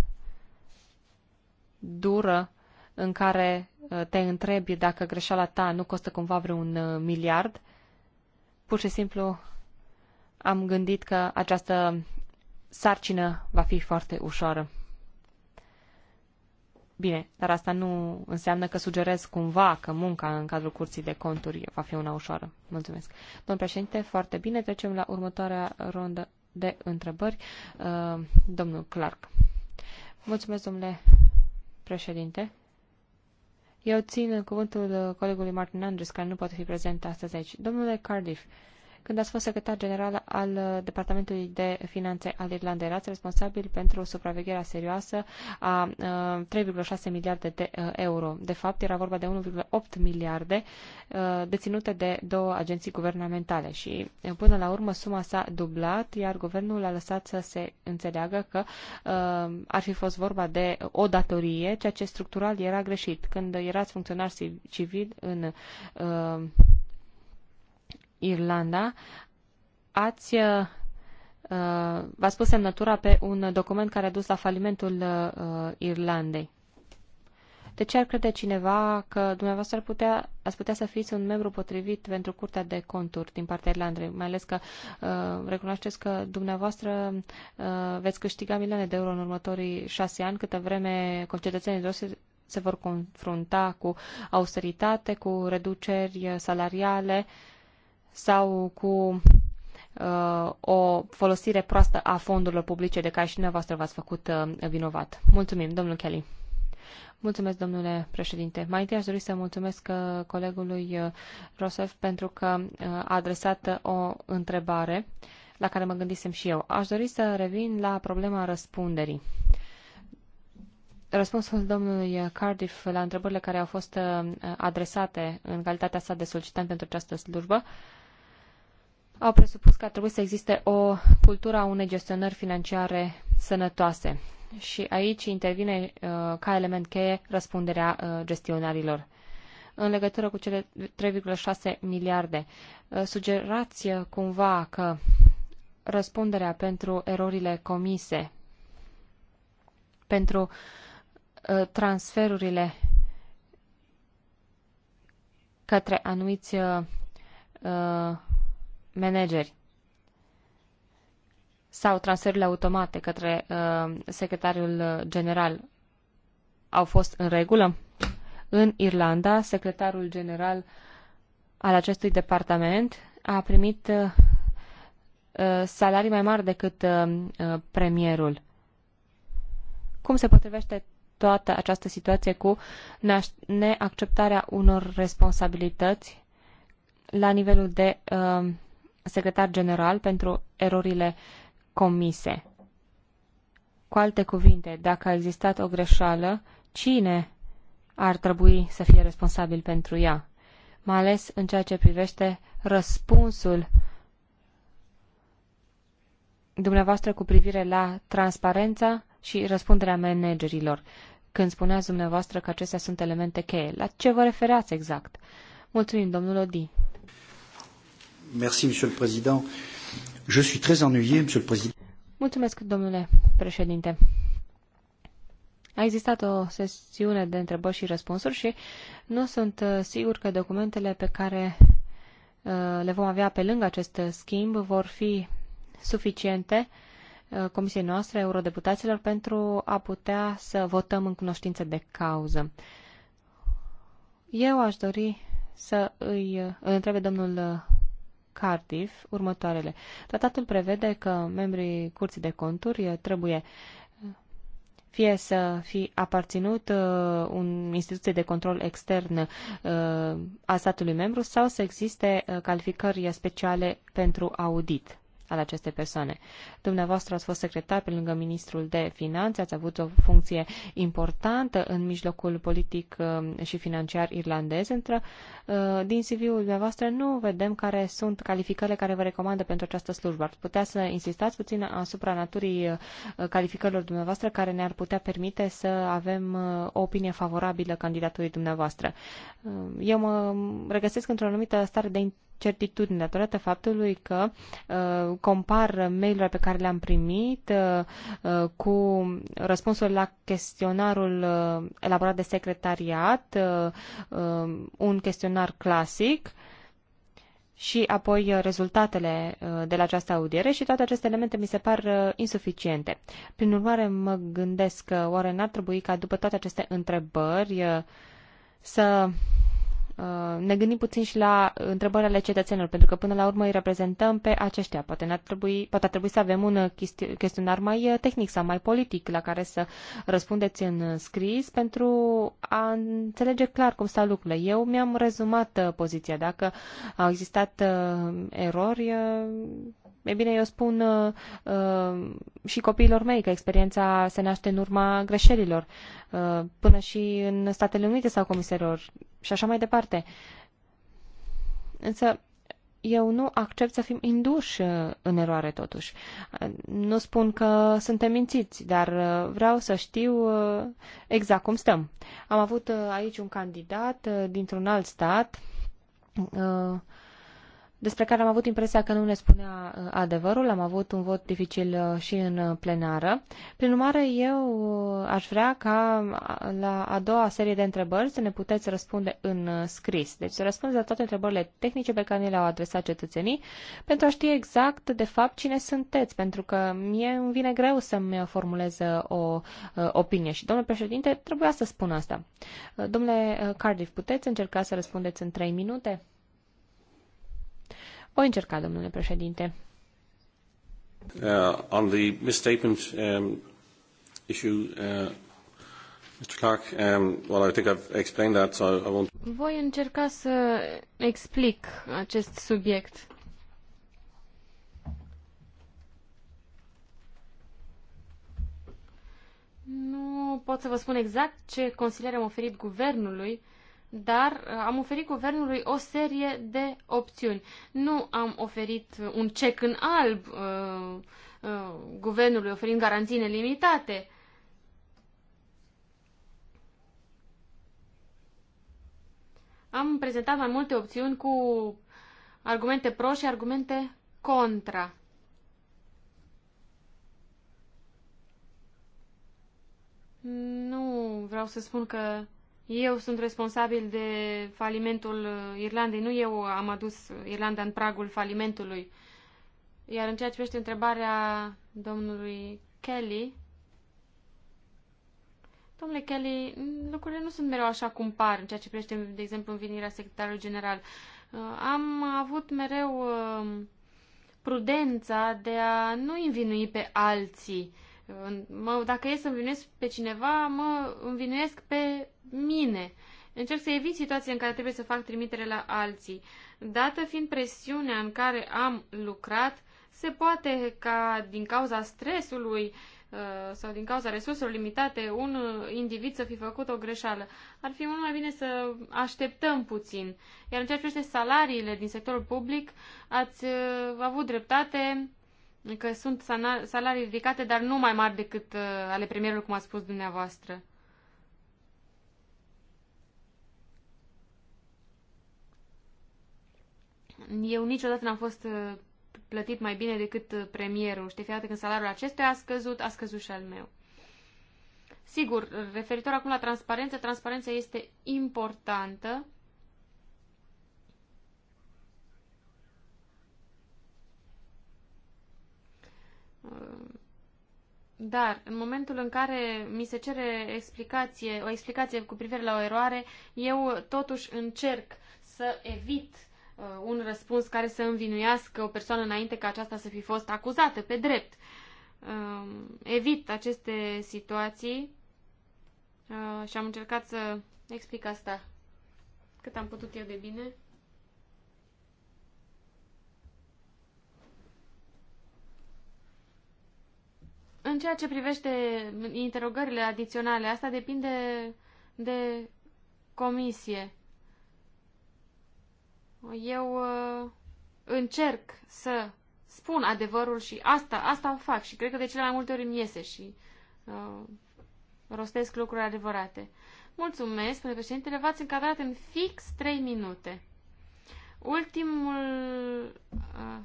dură în care uh, te întrebi dacă greșeala ta nu costă cumva vreun uh, miliard, pur și simplu am gândit că această sarcină va fi foarte ușoară. Bine, dar asta nu înseamnă că sugerez cumva că munca în cadrul curții de conturi va fi una ușoară. Mulțumesc. Domn președinte, foarte bine. Trecem la următoarea rondă de întrebări. Uh, domnul Clark. Mulțumesc, domnule președinte. Eu țin cuvântul uh, colegului Martin Andres, care nu poate fi prezent astăzi aici. Domnule Cardiff, când ați fost secretar general al uh, Departamentului de Finanțe al Irlandei, erați responsabil pentru supravegherea serioasă a 3,6 uh, miliarde de uh, euro. De fapt, era vorba de 1,8 miliarde deținute de două agenții guvernamentale și până la urmă suma s-a dublat, iar guvernul a lăsat să se înțeleagă că ar fi fost vorba de o datorie, ceea ce structural era greșit. Când erați funcționar civil în Irlanda, ați uh, uh, v-ați semnătura pe un document care a dus la falimentul uh, Irlandei. De ce ar crede cineva că dumneavoastră ar putea, ați putea să fiți un membru potrivit pentru Curtea de Conturi din partea Irlandei, mai ales că uh, recunoașteți că dumneavoastră uh, veți câștiga milioane de euro în următorii șase ani, câtă vreme concetățenii noștri se vor confrunta cu austeritate, cu reduceri salariale, uh, sau cu uh, o folosire proastă a fondurilor publice de care și dumneavoastră v-ați făcut uh, vinovat. Mulțumim, domnul Kelly. Mulțumesc, domnule președinte. Mai întâi aș dori să mulțumesc uh, colegului uh, Rosef pentru că uh, a adresat o întrebare la care mă gândisem și eu. Aș dori să revin la problema răspunderii. Răspunsul domnului Cardiff la întrebările care au fost adresate în calitatea sa de solicitant pentru această slujbă uh, au presupus că ar trebui să existe o cultură a unei gestionări financiare sănătoase. Și aici intervine uh, ca element cheie răspunderea uh, gestionarilor. În legătură cu cele 3,6 miliarde, uh, sugerați cumva că răspunderea pentru erorile comise, pentru transferurile către anumiți manageri sau transferurile automate către uh, secretarul general au fost în regulă? În Irlanda, secretarul general al acestui departament a primit uh, salarii mai mari decât uh, premierul. Cum se potrivește toată această situație cu neacceptarea unor responsabilități la nivelul de uh, secretar general pentru erorile comise. Cu alte cuvinte, dacă a existat o greșeală, cine ar trebui să fie responsabil pentru ea? Mai ales în ceea ce privește răspunsul dumneavoastră cu privire la transparența și răspunderea managerilor, când spuneați dumneavoastră că acestea sunt elemente cheie. La ce vă refereați exact? Mulțumim, domnul Odi. Merci, Monsieur le Président. Je suis très ennuyé, Monsieur le Président. Mulțumesc, domnule președinte. A existat o sesiune de întrebări și răspunsuri și nu sunt uh, sigur că documentele pe care uh, le vom avea pe lângă acest schimb vor fi suficiente uh, comisiei noastre, eurodeputaților, pentru a putea să votăm în cunoștință de cauză. Eu aș dori să îi întrebe domnul Cardiff următoarele. Tratatul prevede că membrii curții de conturi eh, trebuie eh, fie să fi aparținut uh, un instituție de control extern uh, a statului membru sau să existe uh, calificări speciale pentru audit al acestei persoane. Dumneavoastră ați fost secretar pe lângă ministrul de finanțe, ați avut o funcție importantă în mijlocul politic uh, și financiar irlandez, între uh, din CV-ul dumneavoastră nu vedem care sunt calificările care vă recomandă pentru această slujbă. Ar putea să insistați puțin asupra naturii uh, calificărilor dumneavoastră care ne-ar putea permite să avem o opinie favorabilă candidatului dumneavoastră. Eu mă regăsesc într-o anumită stare de certitudine datorată faptului că uh, compar mail urile pe care le-am primit uh, uh, cu răspunsul la chestionarul uh, elaborat de secretariat, uh, uh, un chestionar clasic, și apoi uh, rezultatele uh, de la această audiere și toate aceste elemente mi se par insuficiente. Prin urmare, mă gândesc că oare n-ar trebui ca după toate aceste întrebări să Uh, ne gândim puțin și la întrebările cetățenilor, pentru că până la urmă îi reprezentăm pe aceștia. Poate, ar trebui, poate ar trebui să avem un uh, chestionar mai uh, tehnic sau mai politic la care să răspundeți în scris pentru a înțelege clar cum stau lucrurile. Eu mi-am rezumat poziția. Dacă au existat erori, E bine, eu spun uh, uh, și copiilor mei că experiența se naște în urma greșelilor, uh, până și în Statele Unite sau comiserilor și așa mai departe. Însă, eu nu accept să fim induși uh, în eroare totuși. Uh, nu spun că suntem mințiți, dar uh, vreau să știu exact cum stăm. Am avut aici un candidat dintr-un alt stat despre care am avut impresia că nu ne spunea uh, adevărul. Am avut un vot dificil uh, și în uh, plenară. Prin urmare, eu aș vrea ca la a doua serie de întrebări să ne puteți răspunde în scris. Deci să răspundeți la toate întrebările tehnice pe care ni le-au adresat cetățenii pentru a ști exact, de fapt, cine sunteți, pentru că mie îmi vine greu să-mi formulez o opinie. Și, domnule președinte, trebuia să spun asta. Domnule Cardiff, puteți încerca să răspundeți în trei minute? O încerca, domnule președinte. Uh, on the misstatement um, issue, uh, Mr. Clark, um, well, I think I've explained that, so I won't... Voi încerca să explic acest subiect. Nu pot să vă spun exact ce consiliere am oferit guvernului, dar uh, am oferit guvernului o serie de opțiuni. Nu am oferit un cec în alb uh, uh, guvernului oferind garanții nelimitate. Am prezentat mai multe opțiuni cu argumente pro și argumente contra. Nu vreau să spun că eu sunt responsabil de falimentul uh, Irlandei, nu eu am adus Irlanda în pragul falimentului. Iar în ceea ce privește întrebarea domnului Kelly, domnule Kelly, lucrurile nu sunt mereu așa cum par în ceea ce privește, de exemplu, învinirea secretarului general. Uh, am avut mereu uh, prudența de a nu invinui pe alții mă, dacă e să învinuiesc pe cineva, mă învinuiesc pe mine. Încerc să evit situații în care trebuie să fac trimitere la alții. Dată fiind presiunea în care am lucrat, se poate ca din cauza stresului uh, sau din cauza resurselor limitate un individ să fi făcut o greșeală. Ar fi mult mai bine să așteptăm puțin. Iar în ceea ce privește salariile din sectorul public, ați uh, avut dreptate că sunt salarii ridicate, dar nu mai mari decât uh, ale premierului, cum a spus dumneavoastră. Eu niciodată n-am fost uh, plătit mai bine decât uh, premierul. Știi, fiecare când salariul acestuia a scăzut, a scăzut și al meu. Sigur, referitor acum la transparență, transparența este importantă Um, dar în momentul în care mi se cere explicație, o explicație cu privire la o eroare, eu totuși încerc să evit uh, un răspuns care să învinuiască o persoană înainte ca aceasta să fi fost acuzată pe drept. Um, evit aceste situații uh, și am încercat să explic asta cât am putut eu de bine. În ceea ce privește interogările adiționale, asta depinde de comisie. Eu uh, încerc să spun adevărul și asta, asta o fac și cred că de cele mai multe ori îmi iese și uh, rostesc lucruri adevărate. Mulțumesc, spune președintele, v-ați încadrat în fix 3 minute. Ultimul... Uh,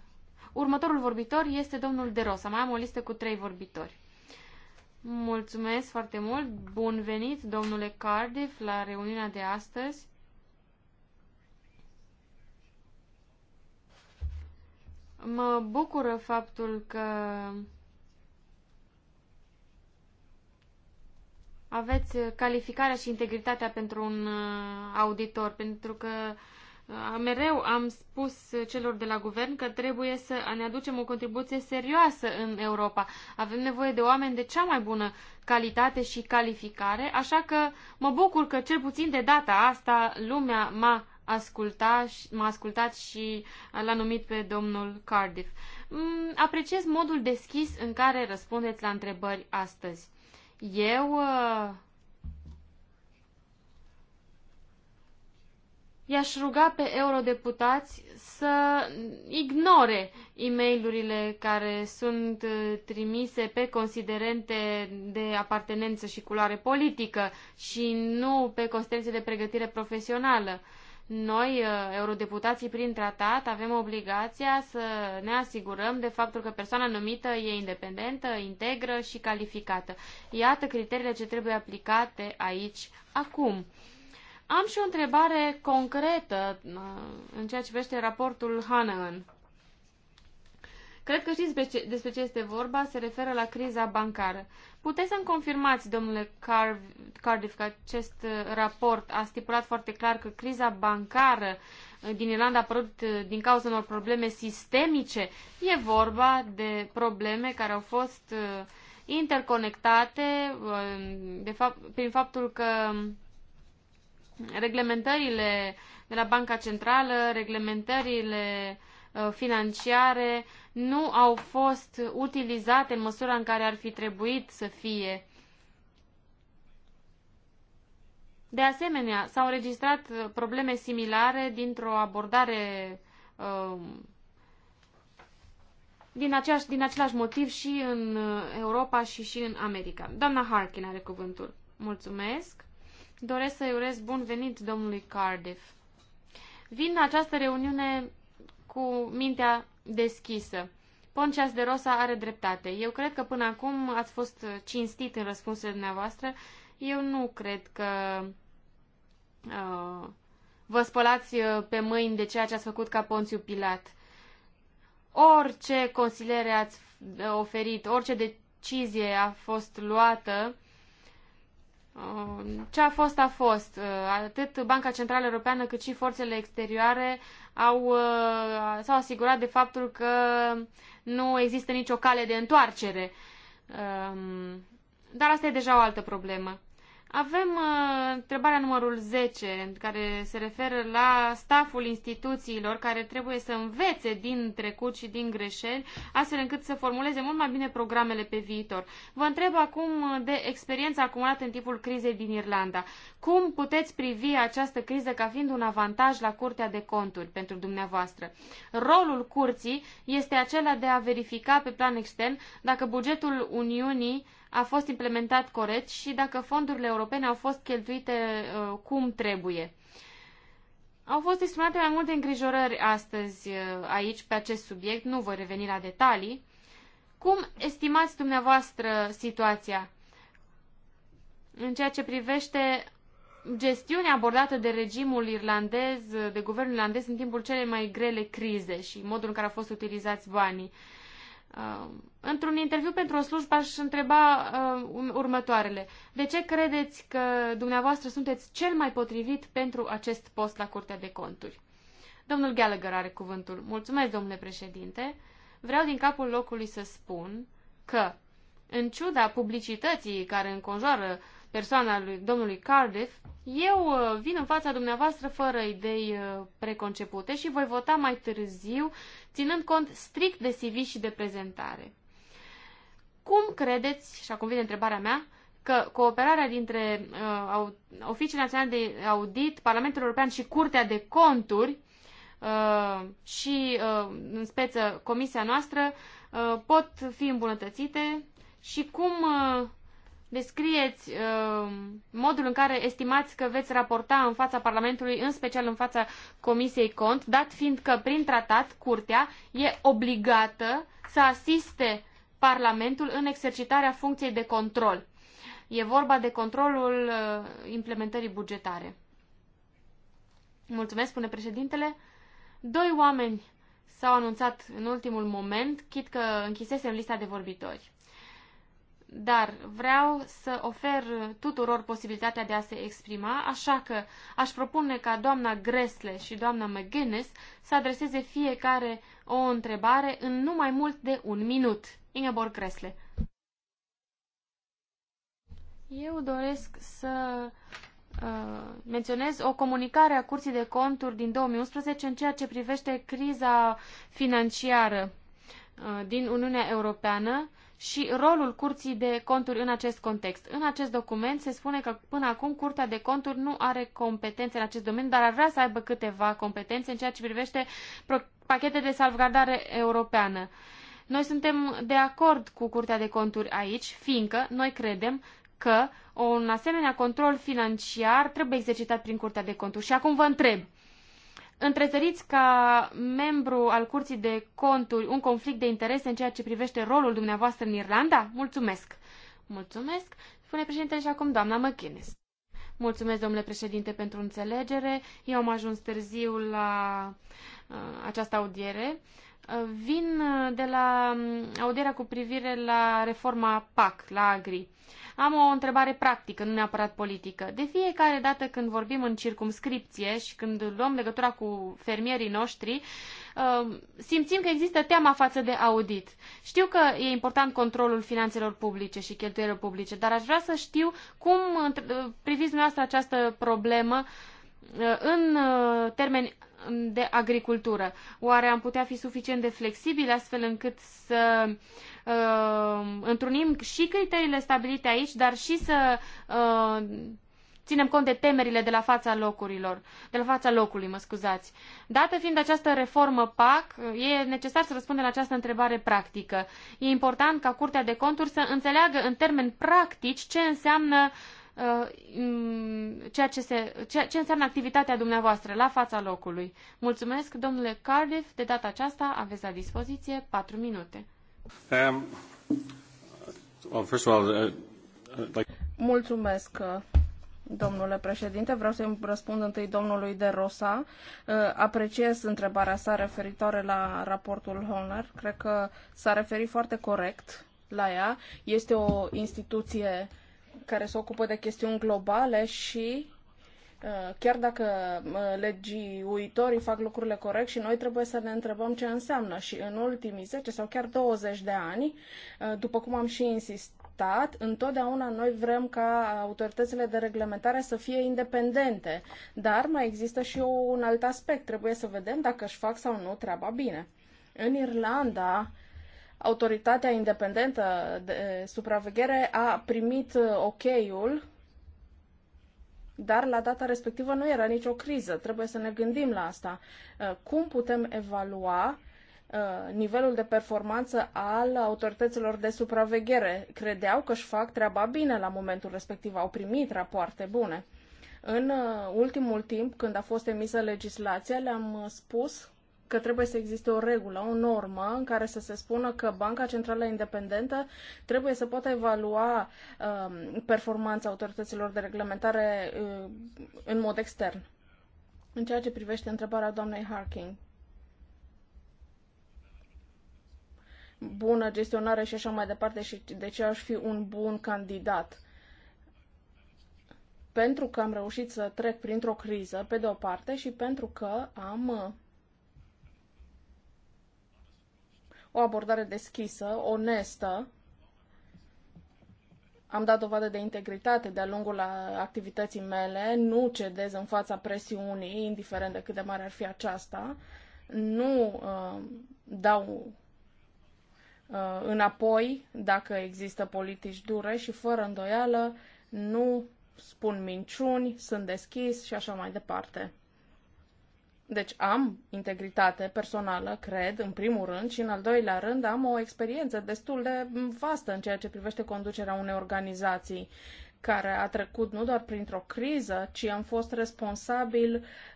Următorul vorbitor este domnul De Rosa. Mai am o listă cu trei vorbitori. Mulțumesc foarte mult. Bun venit, domnule Cardiff, la reuniunea de astăzi. Mă bucură faptul că aveți calificarea și integritatea pentru un uh, auditor, pentru că uh, mereu am spus celor de la guvern că trebuie să ne aducem o contribuție serioasă în Europa. Avem nevoie de oameni de cea mai bună calitate și calificare, așa că mă bucur că cel puțin de data asta lumea m-a ascultat, m-a ascultat și l-a numit pe domnul Cardiff. Mm, apreciez modul deschis în care răspundeți la întrebări astăzi. Eu uh, i-aș ruga pe eurodeputați să ignore e mail care sunt uh, trimise pe considerente de apartenență și culoare politică și nu pe considerente de pregătire profesională. Noi, uh, eurodeputații, prin tratat, avem obligația să ne asigurăm de faptul că persoana numită e independentă, integră și calificată. Iată criteriile ce trebuie aplicate aici, acum. Am și o întrebare concretă uh, în ceea ce privește raportul Hanan. Cred că știți despre ce este vorba, se referă la criza bancară. Puteți să-mi confirmați, domnule Car Cardiff, că acest uh, raport a stipulat foarte clar că criza bancară uh, din Irlanda a apărut din cauza unor probleme sistemice. E vorba de probleme care au fost interconectate de fapt, prin faptul că um, reglementările de la Banca Centrală, reglementările uh, financiare nu au fost utilizate în măsura în care ar fi trebuit să fie. De asemenea, s-au înregistrat uh, probleme similare dintr-o abordare uh, din, aceeași, din același motiv și în Europa și și în America. Doamna Harkin are cuvântul. Mulțumesc doresc să-i urez bun venit domnului Cardiff. Vin la această reuniune cu mintea deschisă. Ponceas de Rosa are dreptate. Eu cred că până acum ați fost cinstit în răspunsurile dumneavoastră. Eu nu cred că uh, vă spălați uh, pe mâini de ceea ce ați făcut ca Ponțiu Pilat. Orice consiliere ați uh, oferit, orice decizie a fost luată, Uh, ce a fost, a fost. Uh, atât Banca Centrală Europeană cât și forțele exterioare au, uh, s-au asigurat de faptul că nu există nicio cale de întoarcere. Dar asta e deja o altă problemă. Avem uh, întrebarea numărul 10, care se referă la staful instituțiilor care trebuie să învețe din trecut și din greșeli, astfel încât să formuleze mult mai bine programele pe viitor. Vă întreb acum de experiența acumulată în timpul crizei din Irlanda. Cum puteți privi această criză ca fiind un avantaj la Curtea de Conturi pentru dumneavoastră? Rolul Curții este acela de a verifica pe plan extern dacă bugetul Uniunii a fost implementat corect și dacă fondurile europene au fost cheltuite uh, cum trebuie. Au fost exprimate mai multe îngrijorări astăzi uh, aici pe acest subiect, nu voi reveni la detalii. Cum estimați dumneavoastră situația în ceea ce privește gestiunea abordată de regimul irlandez, de guvernul irlandez în timpul cele mai grele crize și modul în care au fost utilizați banii? Um, într-un interviu pentru o slujbă aș întreba uh, următoarele. De ce credeți că dumneavoastră sunteți cel mai potrivit pentru acest post la Curtea de Conturi? Domnul Gallagher are cuvântul. Mulțumesc, domnule președinte. Vreau din capul locului să spun că, în ciuda publicității care înconjoară persoana lui domnului Cardiff, eu uh, vin în fața dumneavoastră fără idei uh, preconcepute și voi vota mai târziu ținând cont strict de CV și de prezentare. Cum credeți, și acum vine întrebarea mea, că cooperarea dintre uh, Oficiul Național de Audit, Parlamentul European și Curtea de Conturi uh, și, uh, în speță, Comisia noastră, uh, pot fi îmbunătățite și cum uh, descrieți uh, modul în care estimați că veți raporta în fața Parlamentului, în special în fața Comisiei Cont, dat fiind că prin tratat Curtea e obligată să asiste Parlamentul în exercitarea funcției de control. E vorba de controlul uh, implementării bugetare. Mulțumesc, spune președintele. Doi oameni s-au anunțat în ultimul moment, chit că închisesem lista de vorbitori dar vreau să ofer tuturor posibilitatea de a se exprima, așa că aș propune ca doamna Gresle și doamna McGuinness să adreseze fiecare o întrebare în nu mai mult de un minut. Ingeborg Gresle. Eu doresc să uh, menționez o comunicare a Curții de Conturi din 2011 în ceea ce privește criza financiară uh, din Uniunea Europeană și rolul Curții de Conturi în acest context. În acest document se spune că până acum Curtea de Conturi nu are competențe în acest domeniu, dar ar vrea să aibă câteva competențe în ceea ce privește pachete de salvgardare europeană. Noi suntem de acord cu Curtea de Conturi aici, fiindcă noi credem că un asemenea control financiar trebuie exercitat prin Curtea de Conturi. Și acum vă întreb, întrezăriți ca membru al Curții de Conturi un conflict de interese în ceea ce privește rolul dumneavoastră în Irlanda? Mulțumesc! Mulțumesc! Spune președintele și acum doamna McInnes. Mulțumesc, domnule președinte, pentru înțelegere. Eu am ajuns târziu la uh, această audiere. Uh, vin uh, de la um, audierea cu privire la reforma PAC, la Agri. Uh, am o întrebare practică, nu neapărat politică. De fiecare dată când vorbim în circumscripție și când luăm legătura cu fermierii noștri, uh, simțim că există teama față de audit. Știu că e important controlul finanțelor publice și cheltuielor publice, dar aș vrea să știu cum uh, priviți dumneavoastră această problemă uh, în termeni de agricultură. Oare am putea fi suficient de flexibili astfel încât să uh, întrunim și criteriile stabilite aici, dar și să uh, ținem cont de temerile de la fața locurilor, de la fața locului, mă scuzați. Dată fiind această reformă PAC, e necesar să răspundem la această întrebare practică. E important ca Curtea de Conturi să înțeleagă în termeni practici ce înseamnă uh, Uh, mm, ceea ce, se, ceea ce înseamnă activitatea dumneavoastră la fața locului. Mulțumesc, domnule Cardiff, de data aceasta aveți la dispoziție 4 minute. Um, well, first of all, uh, uh like... Mulțumesc, uh, domnule președinte. Vreau să-i răspund întâi domnului De Rosa. apreciez întrebarea sa referitoare la raportul Honor. Cred că s-a referit foarte corect la ea. Este o instituție uh, care se ocupă de chestiuni globale și uh, chiar dacă uh, legii uitorii fac lucrurile corect și noi trebuie să ne întrebăm ce înseamnă. Și în ultimii 10 sau chiar 20 de ani, uh, după cum am și insistat, întotdeauna noi vrem ca autoritățile de reglementare să fie independente. Dar mai există și un alt aspect. Trebuie să vedem dacă își fac sau nu treaba bine. În Irlanda, uh, Autoritatea independentă de supraveghere a primit uh, ok-ul, dar la data respectivă nu era nicio criză. Trebuie să ne gândim la asta. Uh, cum putem evalua uh, nivelul de performanță al autorităților de supraveghere. Credeau că își fac treaba bine la momentul respectiv, au primit rapoarte bune. În ultimul timp, când a fost emisă legislația, le-am spus că trebuie să existe o regulă, o normă în care să se spună că Banca Centrală Independentă trebuie să poată evalua uh, performanța autorităților de reglementare uh, în mod extern. În ceea ce privește întrebarea doamnei Harking, bună gestionare și așa mai departe și de ce aș fi un bun candidat. Pentru că am reușit să trec printr-o criză, pe de o parte, și pentru că am uh, o abordare deschisă, onestă. Am dat dovadă de integritate de-a lungul activității mele, nu cedez în fața presiunii, indiferent de cât de mare ar fi aceasta, nu uh, dau uh, înapoi dacă există politici dure și fără îndoială nu spun minciuni, sunt deschis și așa mai departe. Deci am integritate personală, cred, în primul rând, și în al doilea rând am o experiență destul de vastă în ceea ce privește conducerea unei organizații care a trecut nu doar printr-o criză, ci am fost responsabil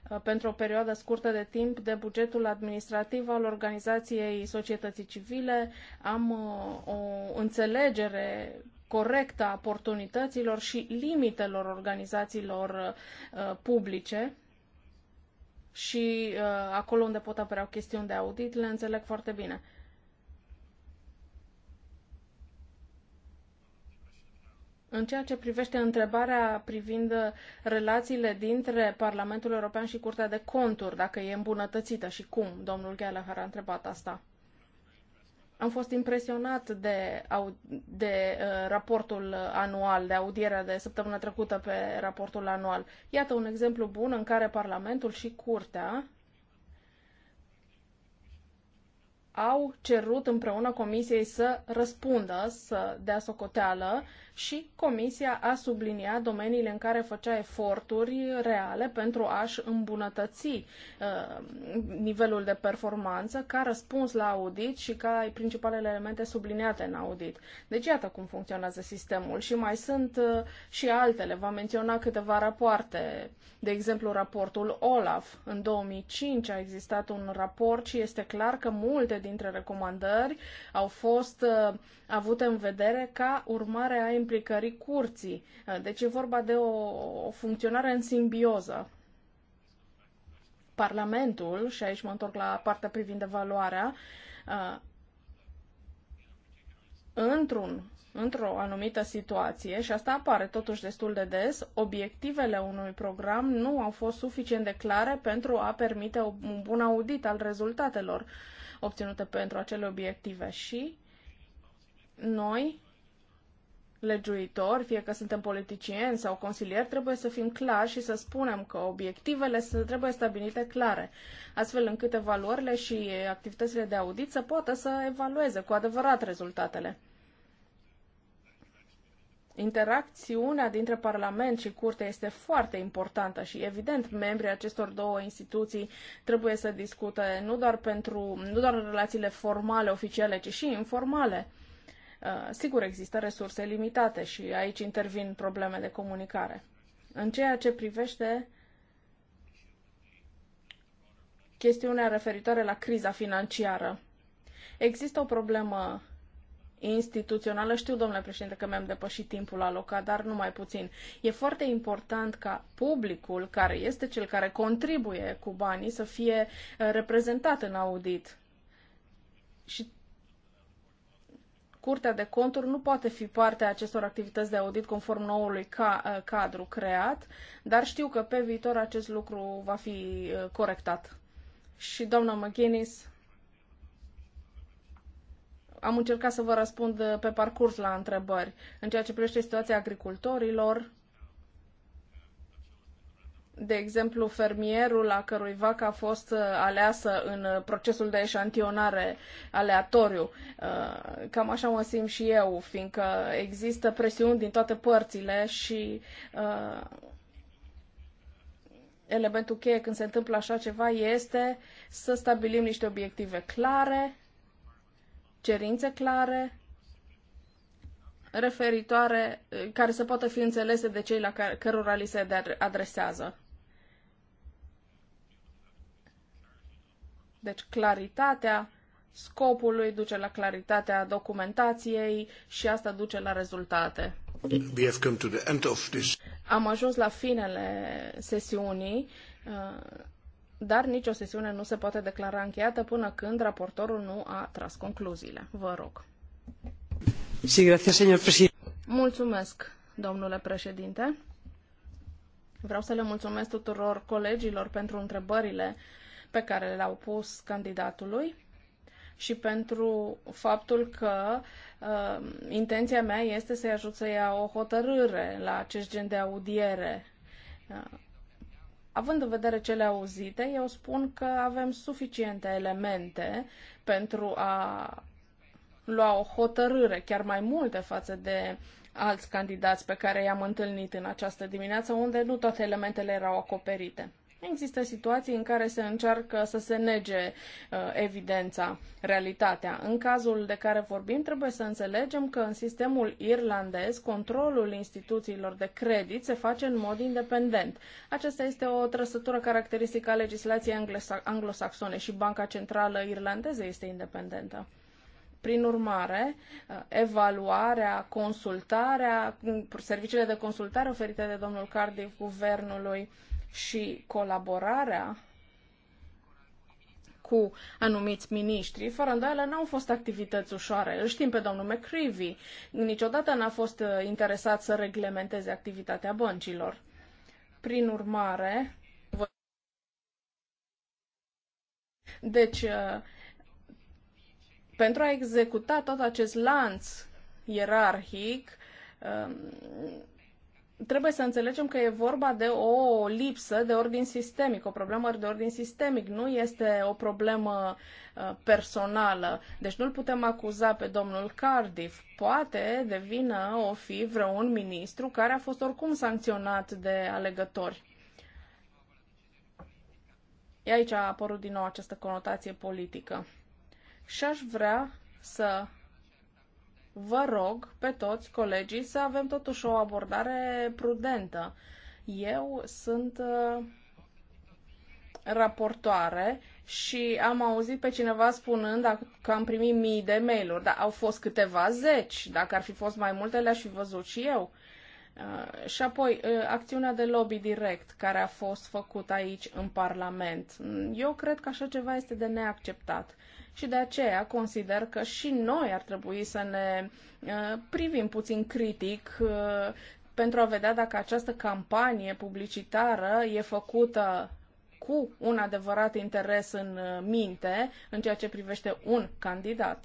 uh, pentru o perioadă scurtă de timp de bugetul administrativ al organizației societății civile. Am uh, o înțelegere corectă a oportunităților și limitelor organizațiilor uh, publice și uh, acolo unde pot apărea chestiuni de audit, le înțeleg foarte bine. În ceea ce privește întrebarea privind relațiile dintre Parlamentul European și Curtea de Conturi, dacă e îmbunătățită și cum, domnul Gheala a întrebat asta. Am fost impresionat de, de uh, raportul anual, de audierea de săptămâna trecută pe raportul anual. Iată un exemplu bun în care Parlamentul și Curtea au cerut împreună Comisiei să răspundă, să dea socoteală și Comisia a subliniat domeniile în care făcea eforturi reale pentru a-și îmbunătăți uh, nivelul de performanță ca răspuns la audit și ca principalele elemente subliniate în audit. Deci iată cum funcționează sistemul și mai sunt uh, și altele. Va menționa câteva rapoarte, de exemplu raportul OLAF. În 2005 a existat un raport și este clar că multe dintre recomandări au fost uh, avute în vedere ca urmare a implicării curții. Uh, deci e vorba de o, o funcționare în simbioză. Parlamentul, și aici mă întorc la partea privind evaluarea, uh, într-un într-o anumită situație, și asta apare totuși destul de des, obiectivele unui program nu au fost suficient de clare pentru a permite un bun audit al rezultatelor obținute pentru acele obiective și noi legiuitori, fie că suntem politicieni sau consilieri, trebuie să fim clari și să spunem că obiectivele trebuie stabilite clare, astfel încât evaluările și activitățile de audit să poată să evalueze cu adevărat rezultatele. Interacțiunea dintre Parlament și Curte este foarte importantă și, evident, membrii acestor două instituții trebuie să discute nu doar pentru nu doar relațiile formale, oficiale, ci și informale Uh, sigur, există resurse limitate și aici intervin probleme de comunicare. În ceea ce privește chestiunea referitoare la criza financiară, există o problemă instituțională. Știu, domnule președinte, că mi-am depășit timpul alocat, dar nu mai puțin. E foarte important ca publicul, care este cel care contribuie cu banii, să fie uh, reprezentat în audit. Și Curtea de conturi nu poate fi parte a acestor activități de audit conform noului ca, uh, cadru creat, dar știu că pe viitor acest lucru va fi uh, corectat. Și doamna McGuinness, am încercat să vă răspund uh, pe parcurs la întrebări. În ceea ce privește situația agricultorilor, de exemplu, fermierul la cărui vacă a fost uh, aleasă în uh, procesul de eșantionare aleatoriu. Uh, cam așa mă simt și eu, fiindcă există presiuni din toate părțile și elementul cheie când se întâmplă așa ceva este să stabilim niște obiective clare, cerințe clare, referitoare care să poată fi înțelese de cei la care, cărora li se adresează. Deci claritatea scopului duce la claritatea documentației și asta duce la rezultate. We have come to the end of this. Am ajuns la finele sesiunii, uh, dar nicio sesiune nu se poate declara încheiată până când raportorul nu a tras concluziile. Vă rog. Sí, gracias, señor Mulțumesc, domnule președinte. Vreau să le mulțumesc tuturor colegilor pentru întrebările pe care le-au pus candidatului și pentru faptul că uh, intenția mea este să-i ajut să ia o hotărâre la acest gen de audiere. Uh, având în vedere cele auzite, eu spun că avem suficiente elemente pentru a lua o hotărâre, chiar mai multe față de alți candidați pe care i-am întâlnit în această dimineață, unde nu toate elementele erau acoperite. Există situații în care se încearcă să se nege uh, evidența, realitatea. În cazul de care vorbim, trebuie să înțelegem că în sistemul irlandez controlul instituțiilor de credit se face în mod independent. Aceasta este o trăsătură caracteristică a legislației anglosaxone și Banca Centrală Irlandeză este independentă. Prin urmare, uh, evaluarea, consultarea, serviciile de consultare oferite de domnul Cardiff guvernului, și colaborarea cu anumiți miniștri, fără îndoială n-au fost activități ușoare. Îl știm pe domnul McCreevy, niciodată n-a fost uh, interesat să reglementeze activitatea băncilor. Prin urmare, deci, uh, pentru a executa tot acest lanț ierarhic, um, trebuie să înțelegem că e vorba de o lipsă de ordin sistemic, o problemă de ordin sistemic, nu este o problemă uh, personală. Deci nu-l putem acuza pe domnul Cardiff. Poate de o fi vreun ministru care a fost oricum sancționat de alegători. E aici a apărut din nou această conotație politică. Și aș vrea să vă rog pe toți colegii să avem totuși o abordare prudentă. Eu sunt uh, raportoare și am auzit pe cineva spunând că am primit mii de mail-uri, dar au fost câteva zeci. Dacă ar fi fost mai multe, le-aș fi văzut și eu. Uh, și apoi, uh, acțiunea de lobby direct care a fost făcută aici în Parlament. Mm, eu cred că așa ceva este de neacceptat și de aceea consider că și noi ar trebui să ne uh, privim puțin critic uh, pentru a vedea dacă această campanie publicitară e făcută cu un adevărat interes în uh, minte în ceea ce privește un candidat.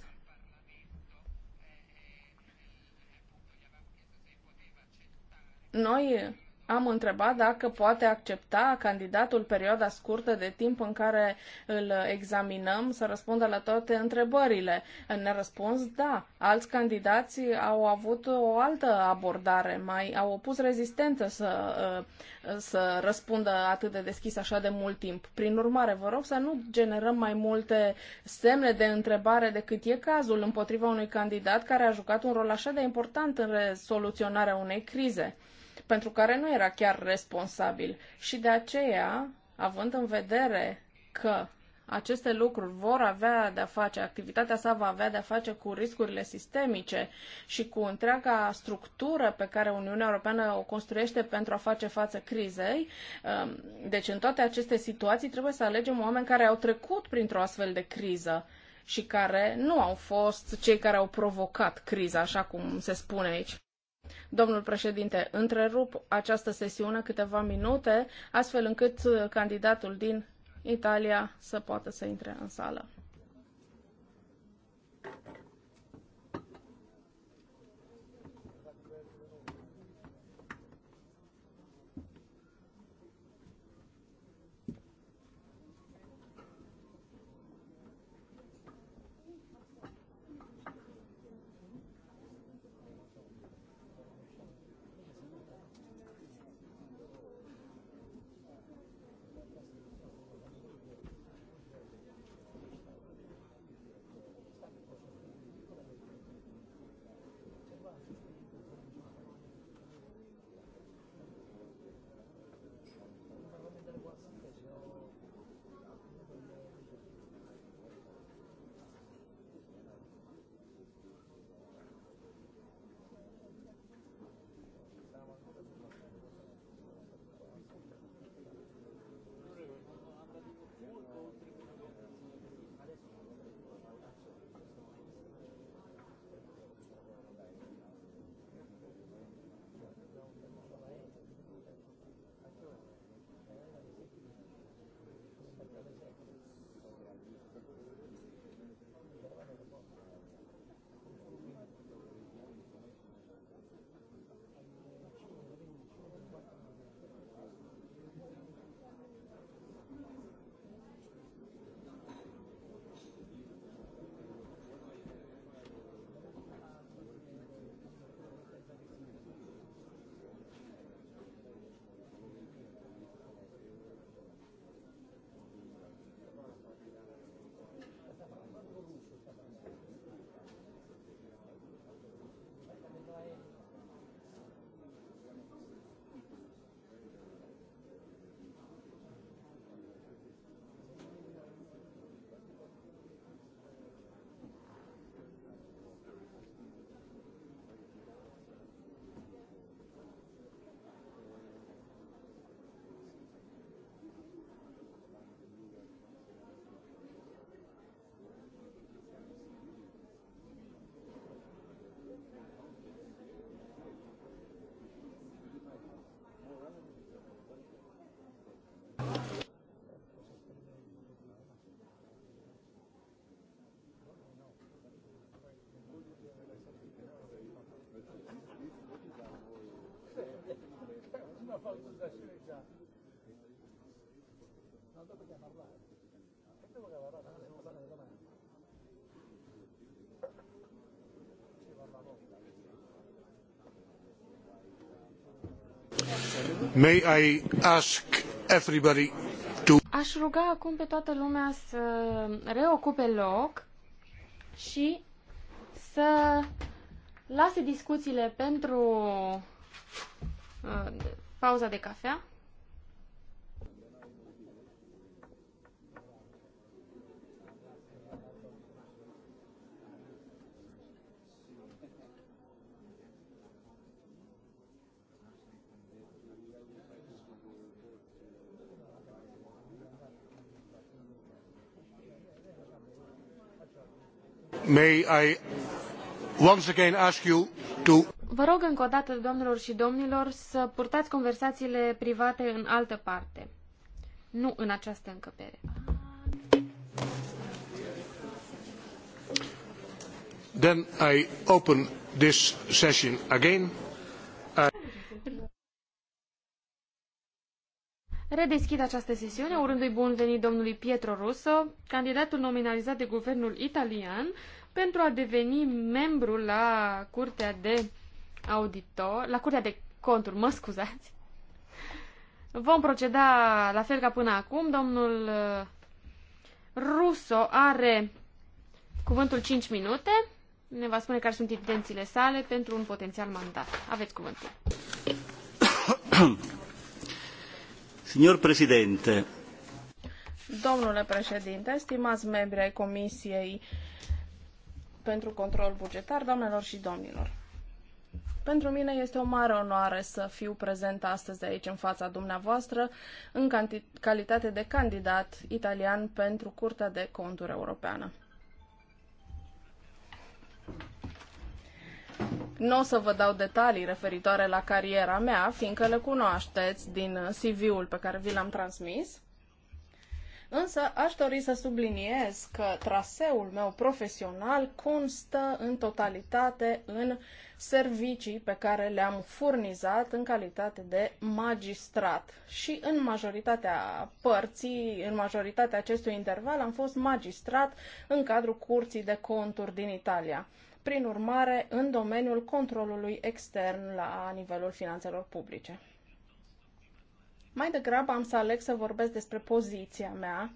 Noi am întrebat dacă poate accepta candidatul perioada scurtă de timp în care îl examinăm să răspundă la toate întrebările. Ne răspuns da. Alți candidați au avut o altă abordare, mai au opus rezistență să, uh, să răspundă atât de deschis așa de mult timp. Prin urmare, vă rog să nu generăm mai multe semne de întrebare decât e cazul împotriva unui candidat care a jucat un rol așa de important în soluționarea unei crize pentru care nu era chiar responsabil. Și de aceea, având în vedere că aceste lucruri vor avea de-a face, activitatea sa va avea de-a face cu riscurile sistemice și cu întreaga structură pe care Uniunea Europeană o construiește pentru a face față crizei. Um, deci, în toate aceste situații, trebuie să alegem oameni care au trecut printr-o astfel de criză și care nu au fost cei care au provocat criza, așa cum se spune aici. Domnul președinte, întrerup această sesiune câteva minute, astfel încât uh, candidatul din Italia să poată să intre în sală. May I ask everybody to... Aș ruga acum pe toată lumea să reocupe loc și să lase discuțiile pentru uh, pauza de cafea. May I once again ask you to Vă rog încă o dată, domnilor și domnilor, să purtați conversațiile private în altă parte, nu în această încăpere. Then I open this session again. I... Redeschid această sesiune urându-i bun venit domnului Pietro Russo, candidatul nominalizat de guvernul italian pentru a deveni membru la Curtea de auditor, la Curtea de Conturi, mă scuzați. Vom proceda la fel ca până acum. Domnul uh, Russo are cuvântul 5 minute. Ne va spune care sunt intențiile sale pentru un potențial mandat. Aveți cuvântul. Signor Presidente. Domnule președinte, stimați membri ai Comisiei pentru Control Bugetar, doamnelor și domnilor. Pentru mine este o mare onoare să fiu prezent astăzi aici în fața dumneavoastră în calitate de candidat italian pentru Curtea de Conturi Europeană. Nu o să vă dau detalii referitoare la cariera mea, fiindcă le cunoașteți din CV-ul pe care vi l-am transmis. Însă aș dori să subliniez că traseul meu profesional constă în totalitate în servicii pe care le-am furnizat în calitate de magistrat. Și în majoritatea părții, în majoritatea acestui interval, am fost magistrat în cadrul Curții de Conturi din Italia. Prin urmare, în domeniul controlului extern la nivelul finanțelor publice. Mai degrabă am să aleg să vorbesc despre poziția mea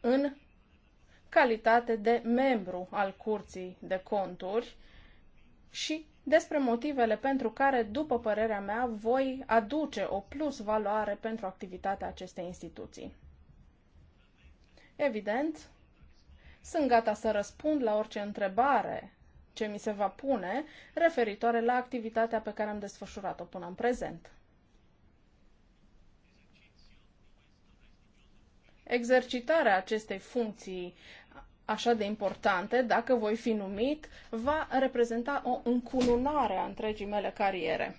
în calitate de membru al Curții de Conturi, și despre motivele pentru care, după părerea mea, voi aduce o plus valoare pentru activitatea acestei instituții. Evident, sunt gata să răspund la orice întrebare ce mi se va pune referitoare la activitatea pe care am desfășurat-o până în prezent. Exercitarea acestei funcții așa de importante, dacă voi fi numit, va reprezenta o încununare a întregii mele cariere.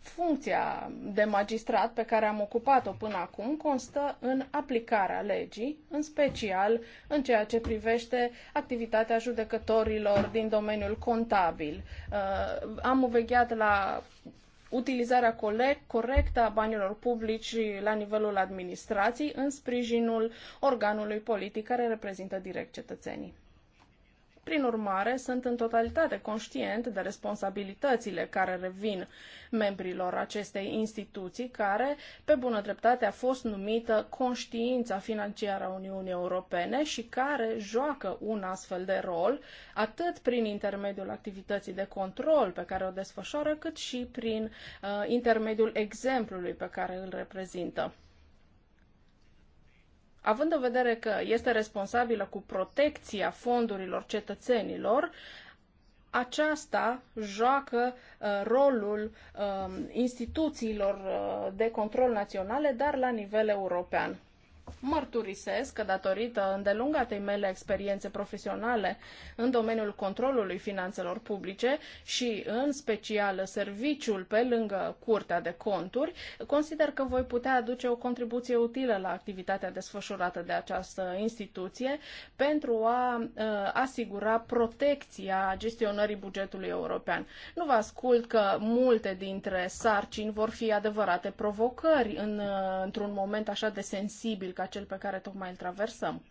Funcția de magistrat pe care am ocupat-o până acum constă în aplicarea legii, în special în ceea ce privește activitatea judecătorilor din domeniul contabil. Uh, am uvegheat la utilizarea corectă a banilor publici la nivelul administrației în sprijinul organului politic care reprezintă direct cetățenii. Prin urmare, sunt în totalitate conștient de responsabilitățile care revin membrilor acestei instituții, care, pe bună dreptate, a fost numită conștiința financiară a Uniunii Europene și care joacă un astfel de rol, atât prin intermediul activității de control pe care o desfășoară, cât și prin uh, intermediul exemplului pe care îl reprezintă. Având în vedere că este responsabilă cu protecția fondurilor cetățenilor, aceasta joacă uh, rolul uh, instituțiilor uh, de control naționale, dar la nivel european. Mărturisesc că datorită îndelungatei mele experiențe profesionale în domeniul controlului finanțelor publice și în special serviciul pe lângă Curtea de Conturi, consider că voi putea aduce o contribuție utilă la activitatea desfășurată de această instituție pentru a uh, asigura protecția gestionării bugetului european. Nu vă ascult că multe dintre sarcini vor fi adevărate provocări în, uh, într-un moment așa de sensibil ca cel pe care tocmai îl traversăm.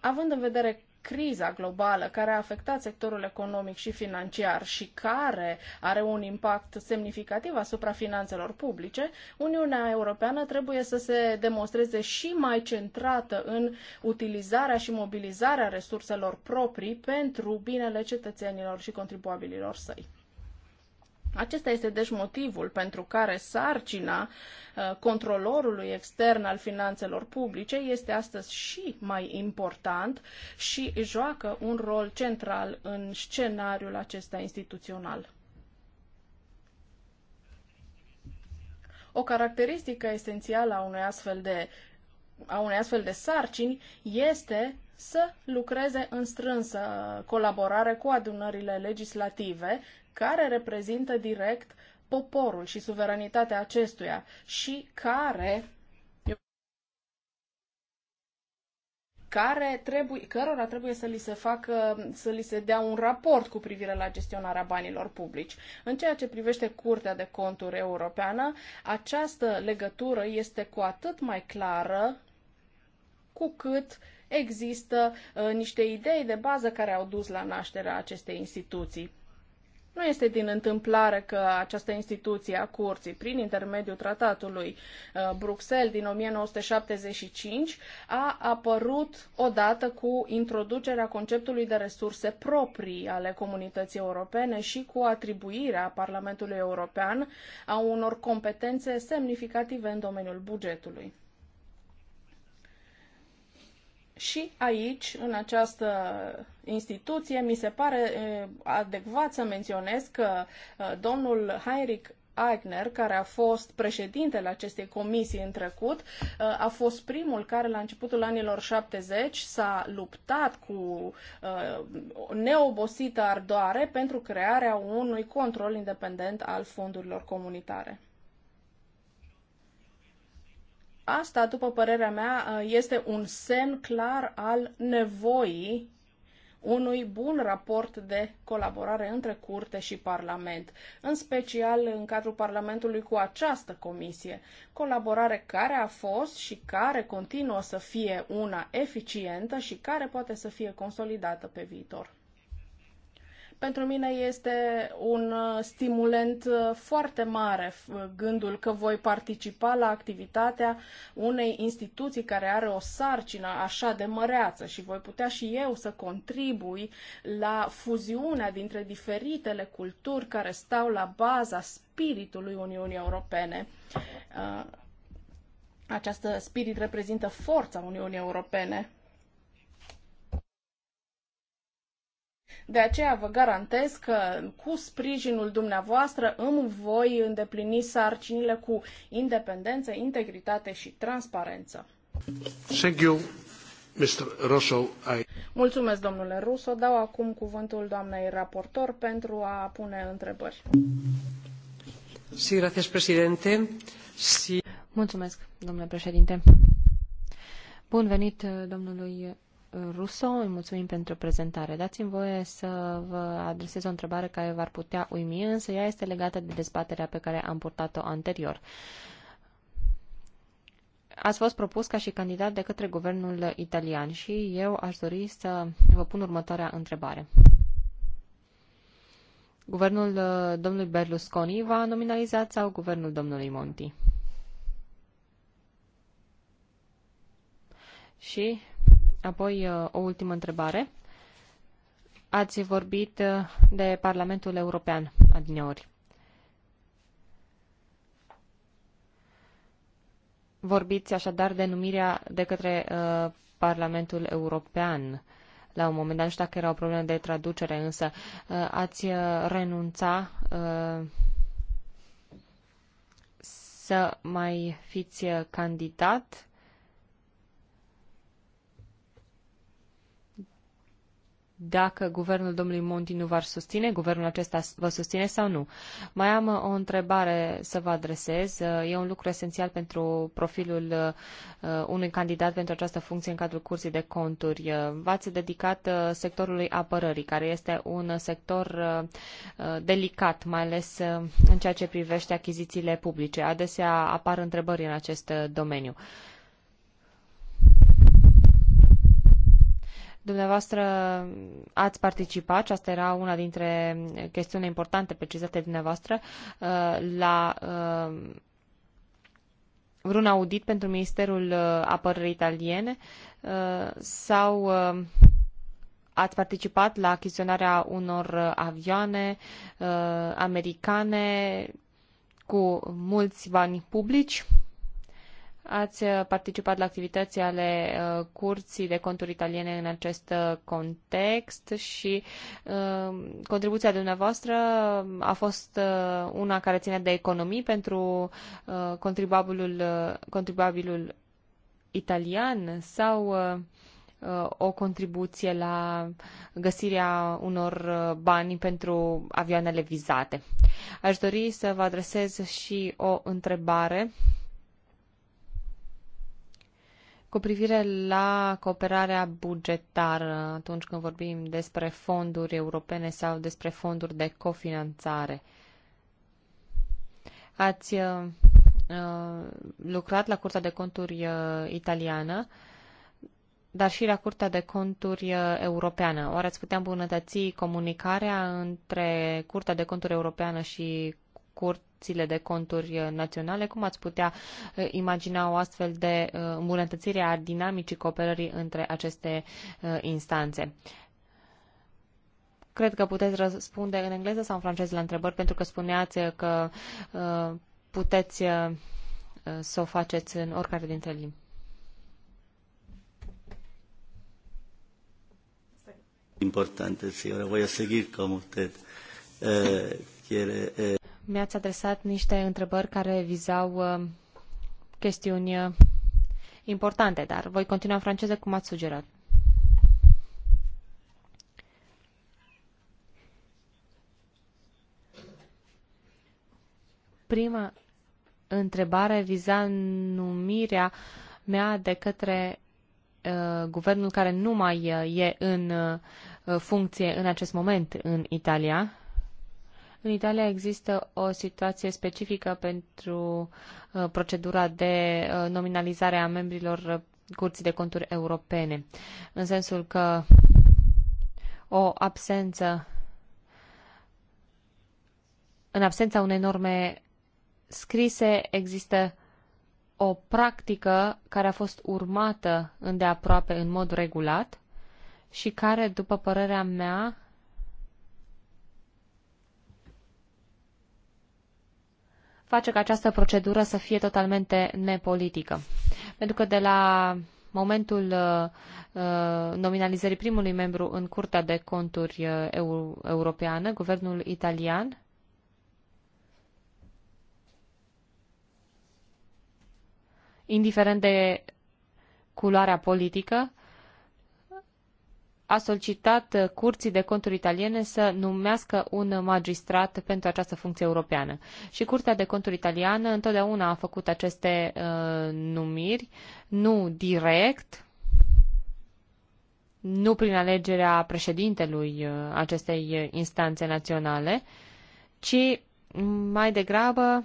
Având în vedere criza globală care a afectat sectorul economic și financiar și care are un impact semnificativ asupra finanțelor publice, Uniunea Europeană trebuie să se demonstreze și mai centrată în utilizarea și mobilizarea resurselor proprii pentru binele cetățenilor și contribuabililor săi. Acesta este deci motivul pentru care sarcina uh, controlorului extern al finanțelor publice este astăzi și mai important și joacă un rol central în scenariul acesta instituțional. O caracteristică esențială a unei astfel de a unei astfel de sarcini este să lucreze în strânsă colaborare cu adunările legislative care reprezintă direct poporul și suveranitatea acestuia și care care trebuie, cărora trebuie să li se facă, să li se dea un raport cu privire la gestionarea banilor publici. În ceea ce privește Curtea de Conturi Europeană, această legătură este cu atât mai clară cu cât există uh, niște idei de bază care au dus la nașterea acestei instituții. Nu este din întâmplare că această instituție a curții, prin intermediul tratatului uh, Bruxelles din 1975, a apărut odată cu introducerea conceptului de resurse proprii ale comunității europene și cu atribuirea Parlamentului European a unor competențe semnificative în domeniul bugetului. Și aici, în această instituție, mi se pare adecvat să menționez că domnul Heinrich Eigner, care a fost președintele acestei comisii în trecut, a fost primul care la începutul anilor 70 s-a luptat cu neobosită ardoare pentru crearea unui control independent al fondurilor comunitare. Asta, după părerea mea, uh, este un semn clar al nevoii unui bun raport de colaborare între curte și Parlament, în special în cadrul Parlamentului cu această comisie. Colaborare care a fost și care continuă să fie una eficientă și care poate să fie consolidată pe viitor. Pentru mine este un uh, stimulent uh, foarte mare uh, gândul că voi participa la activitatea unei instituții care are o sarcină așa de măreață și voi putea și eu să contribui la fuziunea dintre diferitele culturi care stau la baza spiritului Uniunii Europene. Această spirit reprezintă forța Uniunii Europene De aceea vă garantez că cu sprijinul dumneavoastră îmi voi îndeplini sarcinile cu independență, integritate și transparență. Thank you. Mr. Russo, I... Mulțumesc, domnule Russo. Dau acum cuvântul doamnei raportor pentru a pune întrebări. Sí, gracias, presidente. Sí. Mulțumesc, domnule președinte. Bun venit domnului Ruso, îi mulțumim pentru prezentare. Dați-mi voie să vă adresez o întrebare care v-ar putea uimi, însă ea este legată de dezbaterea pe care am purtat-o anterior. Ați fost propus ca și candidat de către guvernul italian și eu aș dori să vă pun următoarea întrebare. Guvernul uh, domnului Berlusconi va nominalizat sau guvernul domnului Monti? Și Apoi, uh, o ultimă întrebare. Ați vorbit uh, de Parlamentul European adineori. Vorbiți așadar de numirea de către uh, Parlamentul European la un moment dat, nu știu dacă era o problemă de traducere, însă uh, ați uh, renunța uh, să mai fiți candidat dacă guvernul domnului Monti nu v-ar susține, guvernul acesta vă susține sau nu. Mai am uh, o întrebare să vă adresez. Uh, e un lucru esențial pentru profilul uh, unui candidat pentru această funcție în cadrul cursii de conturi. V-ați dedicat sectorului apărării, care este un sector delicat, mai ales în ceea ce privește achizițiile publice. Adesea apar întrebări în acest domeniu. Dumneavoastră ați participat, și asta era una dintre chestiunile importante precizate dumneavoastră, uh, la uh, vreun audit pentru Ministerul uh, Apărării Italiene sau ați participat la achiziționarea unor avioane americane cu mulți bani publici? Ați uh, participat la activități ale uh, curții de conturi italiene în acest uh, context și contribuția dumneavoastră a fost una care ține de economii pentru contribuabilul, contribuabilul italian sau o contribuție la găsirea unor bani pentru avioanele vizate. Aș dori să vă adresez și o întrebare cu privire la cooperarea bugetară atunci când vorbim despre fonduri europene sau despre fonduri de cofinanțare. Ați uh, uh, lucrat la Curtea de Conturi uh, italiană, dar și la Curtea de Conturi europeană. Oare ați putea îmbunătăți comunicarea între Curtea de Conturi europeană și Curtea curțile de conturi uh, naționale. Cum ați putea uh, imagina o astfel de uh, îmbunătățire a dinamicii cooperării între aceste instanțe? Cred că puteți răspunde în engleză sau în franceză la întrebări, pentru că spuneați că puteți să o faceți în oricare dintre limbi. Importante, señora, voy a seguir como usted eh, quiere. Eh mi-ați adresat niște întrebări care vizau uh, chestiuni uh, importante, dar voi continua în franceză cum ați sugerat. Prima întrebare viza numirea mea de către uh, guvernul care nu mai uh, e în uh, funcție în acest moment în Italia, în Italia există o situație specifică pentru uh, procedura de uh, nominalizare a membrilor uh, Curții de Conturi Europene, în sensul că o absență în absența unei norme scrise există o practică care a fost urmată îndeaproape în mod regulat și care, după părerea mea, face ca această procedură să fie totalmente nepolitică. Pentru că de la momentul uh, uh nominalizării primului membru în Curtea de Conturi uh, Europeană, guvernul italian indiferent de culoarea politică, a solicitat uh, curții de conturi italiene să numească un magistrat pentru această funcție europeană. Și Curtea de Conturi italiană întotdeauna a făcut aceste uh, numiri, nu direct, nu prin alegerea președintelui uh, acestei instanțe naționale, ci mai degrabă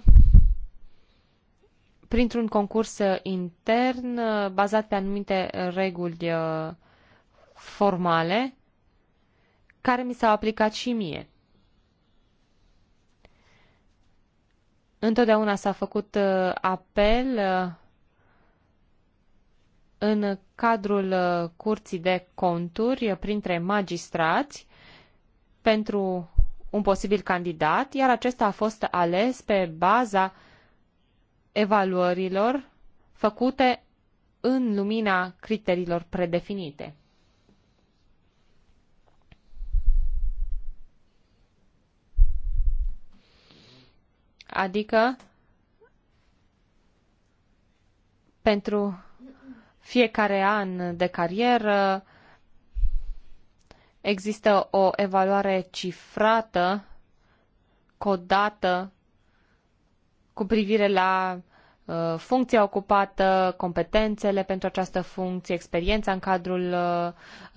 printr-un concurs intern uh, bazat pe anumite reguli formale care mi s-au aplicat și mie. Întotdeauna s-a făcut uh, apel uh, în cadrul uh, curții de conturi printre magistrați pentru un posibil candidat, iar acesta a fost ales pe baza evaluărilor făcute în lumina criteriilor predefinite. Adică pentru fiecare an de carieră există o evaluare cifrată, codată, cu privire la Uh, funcția ocupată, competențele pentru această funcție, experiența în cadrul uh,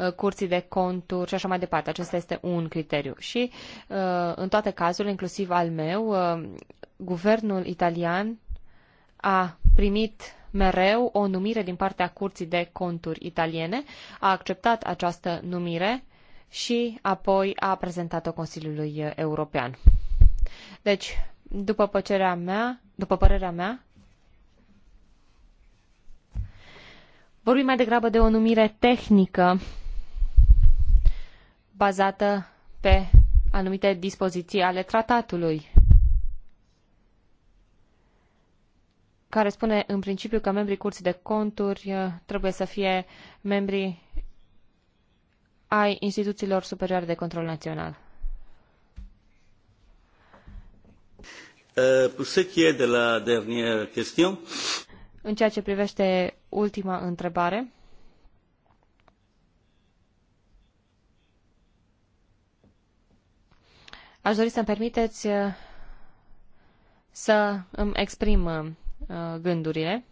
uh, curții de conturi și așa mai departe. Acesta este un criteriu. Și în toate cazurile, inclusiv al meu, guvernul italian a primit mereu o numire din partea curții de conturi italiene, a acceptat această numire și apoi a prezentat-o Consiliului European. Deci, după părerea mea, după părerea mea, Vorbim mai degrabă de o numire tehnică bazată pe anumite dispoziții ale tratatului, care spune în principiu că membrii curții de conturi uh, trebuie să fie membri ai instituțiilor superioare de control național. Uh, pour ce qui est de la dernière question, în ceea ce privește ultima întrebare, aș dori să-mi permiteți uh, să îmi exprim uh, gândurile.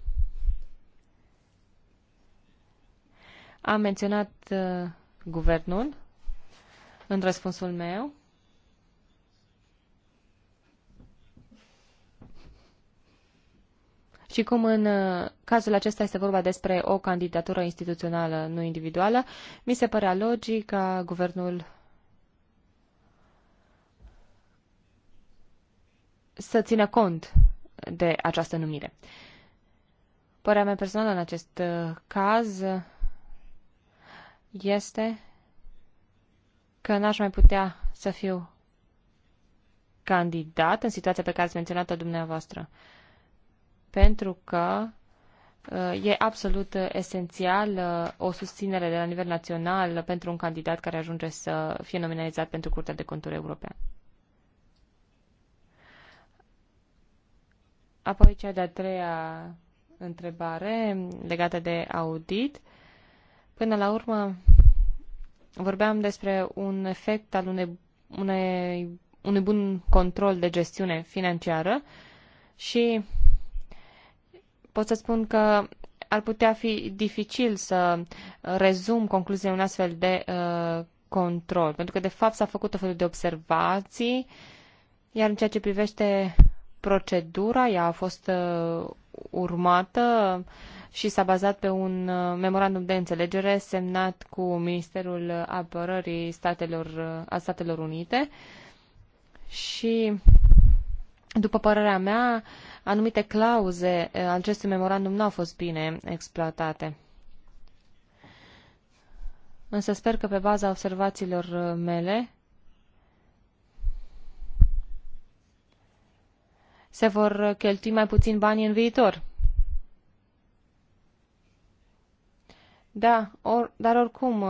Am menționat uh, guvernul în răspunsul meu și cum în uh, cazul acesta este vorba despre o candidatură instituțională, nu individuală, mi se părea logic ca guvernul să țină cont de această numire. Părerea mea personală în acest uh, caz este că n-aș mai putea să fiu candidat în situația pe care ați menționat-o dumneavoastră. Uh, pentru că uh, e absolut esențial uh, o susținere de la nivel național pentru un candidat care ajunge să fie nominalizat pentru Curtea de Conturi European. Apoi cea de-a treia întrebare legată de audit. Până la urmă, vorbeam despre un efect al unei, unei, unui bun control de gestiune financiară și pot să spun că ar putea fi dificil să rezum concluzia un astfel de uh, control, pentru că de fapt s-a făcut o fel de observații, iar în ceea ce privește procedura, ea a fost uh, urmată și s-a bazat pe un uh, memorandum de înțelegere semnat cu Ministerul Apărării Statelor, uh, a Statelor Unite și după părerea mea, anumite clauze ale eh, acestui memorandum nu au fost bine exploatate. Însă sper că pe baza observațiilor eh, mele se vor eh, cheltui mai puțin bani în viitor. Da, or, dar oricum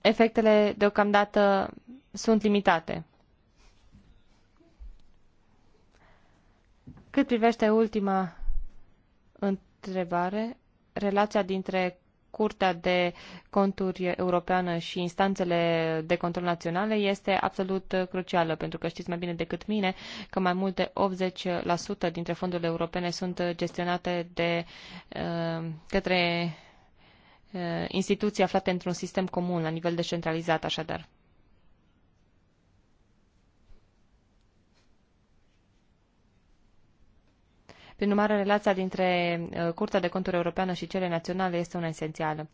efectele deocamdată sunt limitate. Cât privește ultima întrebare, relația dintre Curtea de Conturi Europeană și instanțele de control naționale este absolut crucială, pentru că știți mai bine decât mine că mai mult de 80% dintre fondurile europene sunt gestionate de uh, către uh, instituții aflate într-un sistem comun, la nivel descentralizat, așadar. Prin urmare, relația dintre uh, Curtea de Conturi Europeană și cele naționale este una esențială.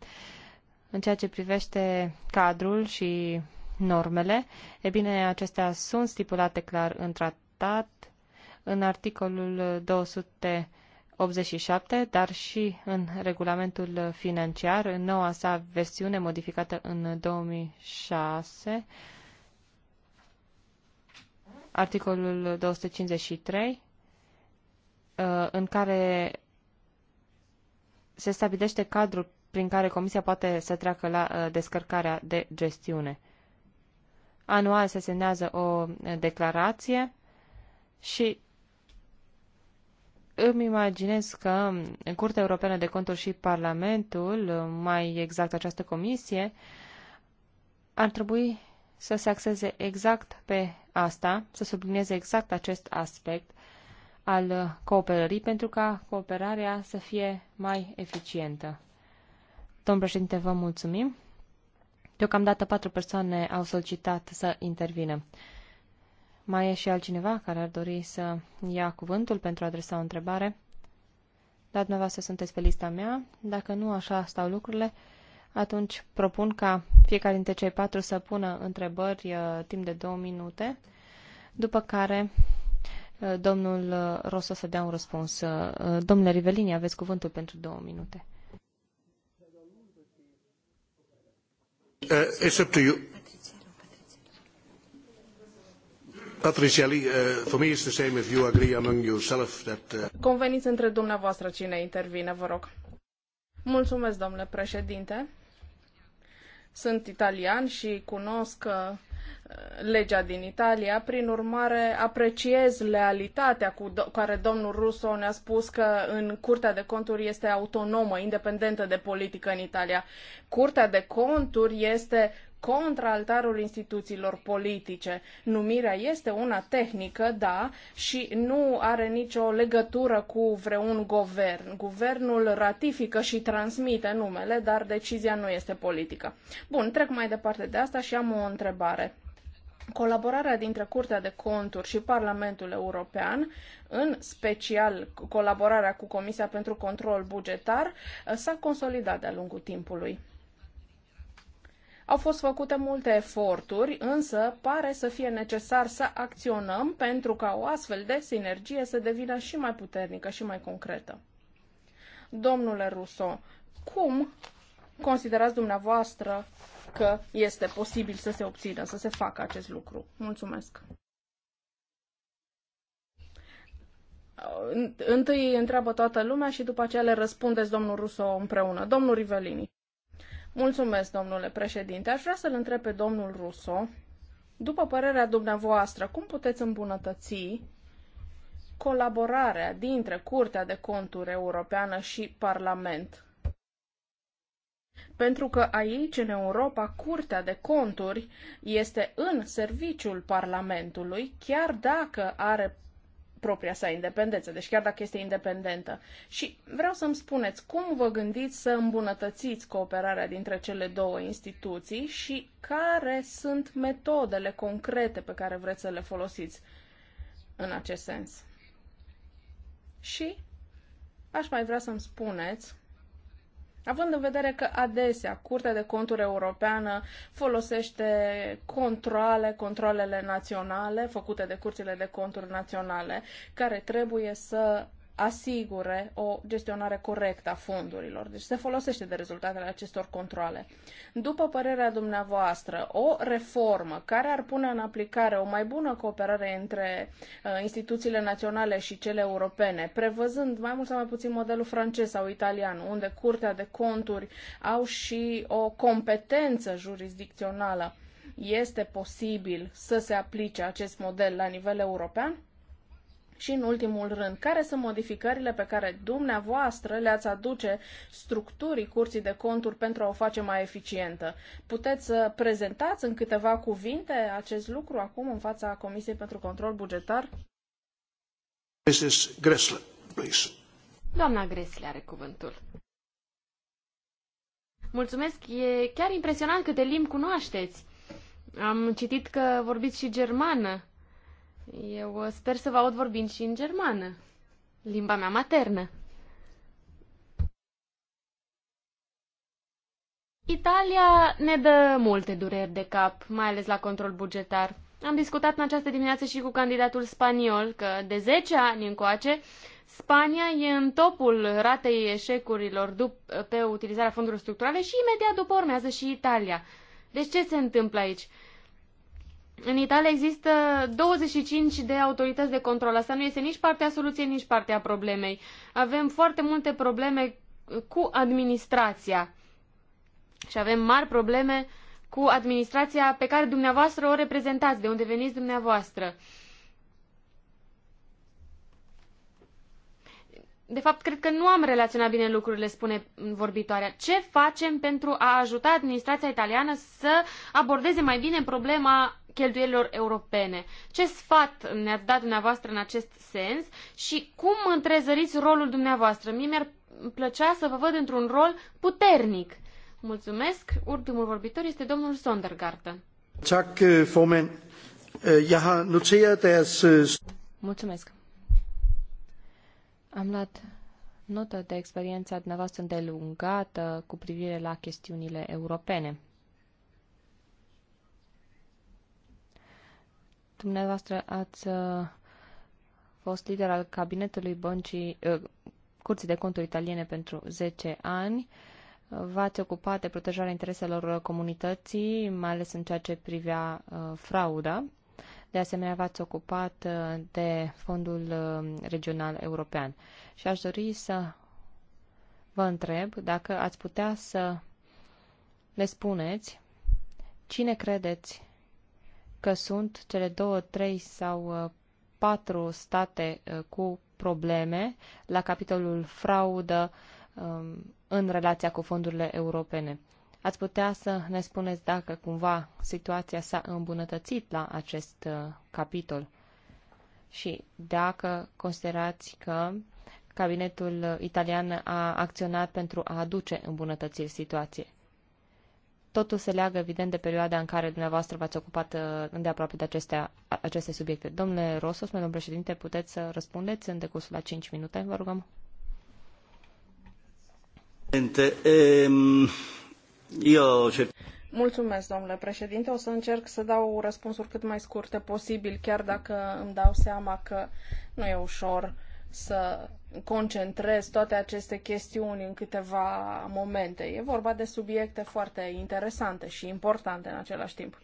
În ceea ce privește cadrul și normele, e bine, acestea sunt stipulate clar în tratat, în articolul 287, dar și în regulamentul financiar, în noua sa versiune modificată în 2006, articolul 253 Uh, în care se stabilește cadrul prin care Comisia poate să treacă la uh, descărcarea de gestiune. Anual se semnează o uh, declarație și îmi imaginez că um, Curtea Europeană de Conturi și Parlamentul, mai exact această comisie, ar trebui să se axeze exact pe asta, să sublinieze exact acest aspect al cooperării pentru ca cooperarea să fie mai eficientă. Domn președinte, vă mulțumim. Deocamdată patru persoane au solicitat să intervină. Mai e și altcineva care ar dori să ia cuvântul pentru a adresa o întrebare? Dar dumneavoastră sunteți pe lista mea. Dacă nu așa stau lucrurile, atunci propun ca fiecare dintre cei patru să pună întrebări uh, timp de două minute, după care Eh, domnul eh, Rosso să dea un răspuns. Eh, domnule Rivelini, aveți cuvântul pentru două minute. Uh, it's up to you. Patriciali, uh, for me it's the same if you agree among yourself that... Uh... Conveniți între dumneavoastră cine intervine, vă rog. Mulțumesc, domnule președinte. Sunt italian și cunosc legea din Italia, prin urmare apreciez lealitatea cu do care domnul Russo ne-a spus că în Curtea de Conturi este autonomă, independentă de politică în Italia. Curtea de Conturi este contra altarul instituțiilor politice. Numirea este una tehnică, da, și nu are nicio legătură cu vreun guvern. Guvernul ratifică și transmite numele, dar decizia nu este politică. Bun, trec mai departe de asta și am o întrebare. Colaborarea dintre Curtea de Conturi și Parlamentul European, în special colaborarea cu Comisia pentru Control Bugetar, s-a consolidat de-a lungul timpului. Au fost făcute multe eforturi, însă pare să fie necesar să acționăm pentru ca o astfel de sinergie să devină și mai puternică și mai concretă. Domnule Russo, cum considerați dumneavoastră că este posibil să se obțină, să se facă acest lucru. Mulțumesc! Întâi întreabă toată lumea și după aceea le răspundeți domnul Ruso împreună. Domnul Rivelini. Mulțumesc, domnule președinte. Aș vrea să-l întreb pe domnul Ruso, după părerea dumneavoastră, cum puteți îmbunătăți colaborarea dintre Curtea de Conturi Europeană și Parlament pentru că aici, în Europa, Curtea de Conturi este în serviciul Parlamentului, chiar dacă are propria sa independență, deci chiar dacă este independentă. Și vreau să-mi spuneți cum vă gândiți să îmbunătățiți cooperarea dintre cele două instituții și care sunt metodele concrete pe care vreți să le folosiți în acest sens. Și aș mai vrea să-mi spuneți Având în vedere că adesea Curtea de Conturi Europeană folosește controle, controlele naționale făcute de curțile de conturi naționale, care trebuie să asigure o gestionare corectă a fondurilor. Deci se folosește de rezultatele acestor controle. După părerea dumneavoastră, o reformă care ar pune în aplicare o mai bună cooperare între uh, instituțiile naționale și cele europene, prevăzând mai mult sau mai puțin modelul francez sau italian, unde Curtea de Conturi au și o competență jurisdicțională, este posibil să se aplice acest model la nivel european? Și în ultimul rând, care sunt modificările pe care dumneavoastră le-ați aduce structurii curții de conturi pentru a o face mai eficientă? Puteți să prezentați în câteva cuvinte acest lucru acum în fața Comisiei pentru Control Bugetar? Mrs. Gressler, please. Doamna Gresle are cuvântul. Mulțumesc, e chiar impresionant câte limbi cunoașteți. Am citit că vorbiți și germană. Eu uh, sper să vă aud vorbind și în germană, limba mea maternă. Italia ne dă multe dureri de cap, mai ales la control bugetar. Am discutat în această dimineață și cu candidatul spaniol că de 10 ani încoace Spania e în topul ratei eșecurilor pe utilizarea fondurilor structurale și imediat după urmează și Italia. Deci ce se întâmplă aici? În Italia există 25 de autorități de control. Asta nu este nici partea soluției, nici partea problemei. Avem foarte multe probleme cu administrația și avem mari probleme cu administrația pe care dumneavoastră o reprezentați, de unde veniți dumneavoastră. De fapt, cred că nu am relaționat bine lucrurile, spune vorbitoarea. Ce facem pentru a ajuta administrația italiană să abordeze mai bine problema cheltuielilor europene. Ce sfat ne-ați dat dumneavoastră în acest sens și cum întrezăriți rolul dumneavoastră? Mie mi-ar plăcea să vă văd într-un rol puternic. Mulțumesc. Ultimul vorbitor este domnul Sondergarten. Tak, eh, formand. Eh, jeg har noteret deres... Eh, Mulțumesc. Am luat notă de experiența dumneavoastră îndelungată cu privire la chestiunile europene. Dumneavoastră ați uh, fost lider al cabinetului băncii, uh, Curții de Conturi Italiene pentru 10 ani. V-ați ocupat de protejarea intereselor comunității, mai ales în ceea ce privea uh, frauda. De asemenea, v-ați ocupat de Fondul Regional European. Și aș dori să vă întreb dacă ați putea să ne spuneți cine credeți că sunt cele două, trei sau uh, patru state uh, cu probleme la capitolul fraudă um, în relația cu fondurile europene. Ați putea să ne spuneți dacă cumva situația s-a îmbunătățit la acest uh, capitol și dacă considerați că cabinetul italian a acționat pentru a aduce îmbunătățiri situației. Totul se leagă, evident, de perioada în care dumneavoastră v-ați ocupat uh, îndeaproape de acestea, aceste subiecte. Domnule Rosos, domnule președinte, puteți să răspundeți în decursul la 5 minute, vă rugăm. Ehm, eu Mulțumesc, domnule președinte. O să încerc să dau răspunsuri cât mai scurte posibil, chiar dacă îmi dau seama că nu e ușor uh, să concentrez toate aceste chestiuni în câteva momente. E vorba de subiecte foarte interesante și importante în același timp.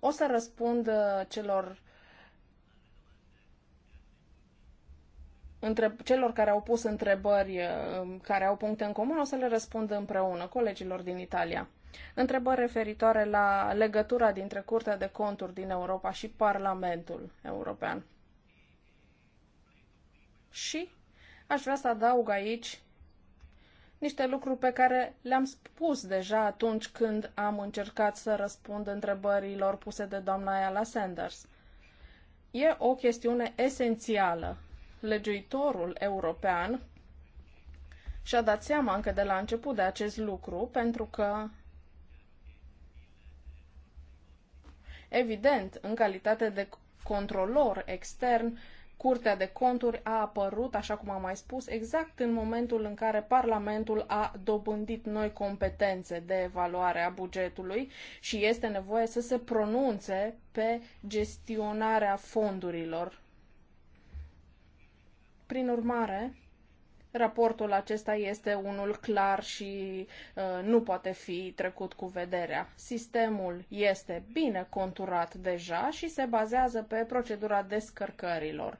O să răspund uh, celor între, celor care au pus întrebări uh, care au puncte în comun, o să le răspund împreună colegilor din Italia. Întrebări referitoare la legătura dintre Curtea de Conturi din Europa și Parlamentul European. Și aș vrea să adaug aici niște lucruri pe care le-am spus deja atunci când am încercat să răspund întrebărilor puse de doamna Ayala Sanders. E o chestiune esențială. Legiuitorul european și-a dat seama încă de la început de acest lucru, pentru că, evident, în calitate de controlor extern, Curtea de conturi a apărut, așa cum am mai spus, exact în momentul în care Parlamentul a dobândit noi competențe de evaluare a bugetului și este nevoie să se pronunțe pe gestionarea fondurilor. Prin urmare, Raportul acesta este unul clar și uh, nu poate fi trecut cu vederea. Sistemul este bine conturat deja și se bazează pe procedura descărcărilor.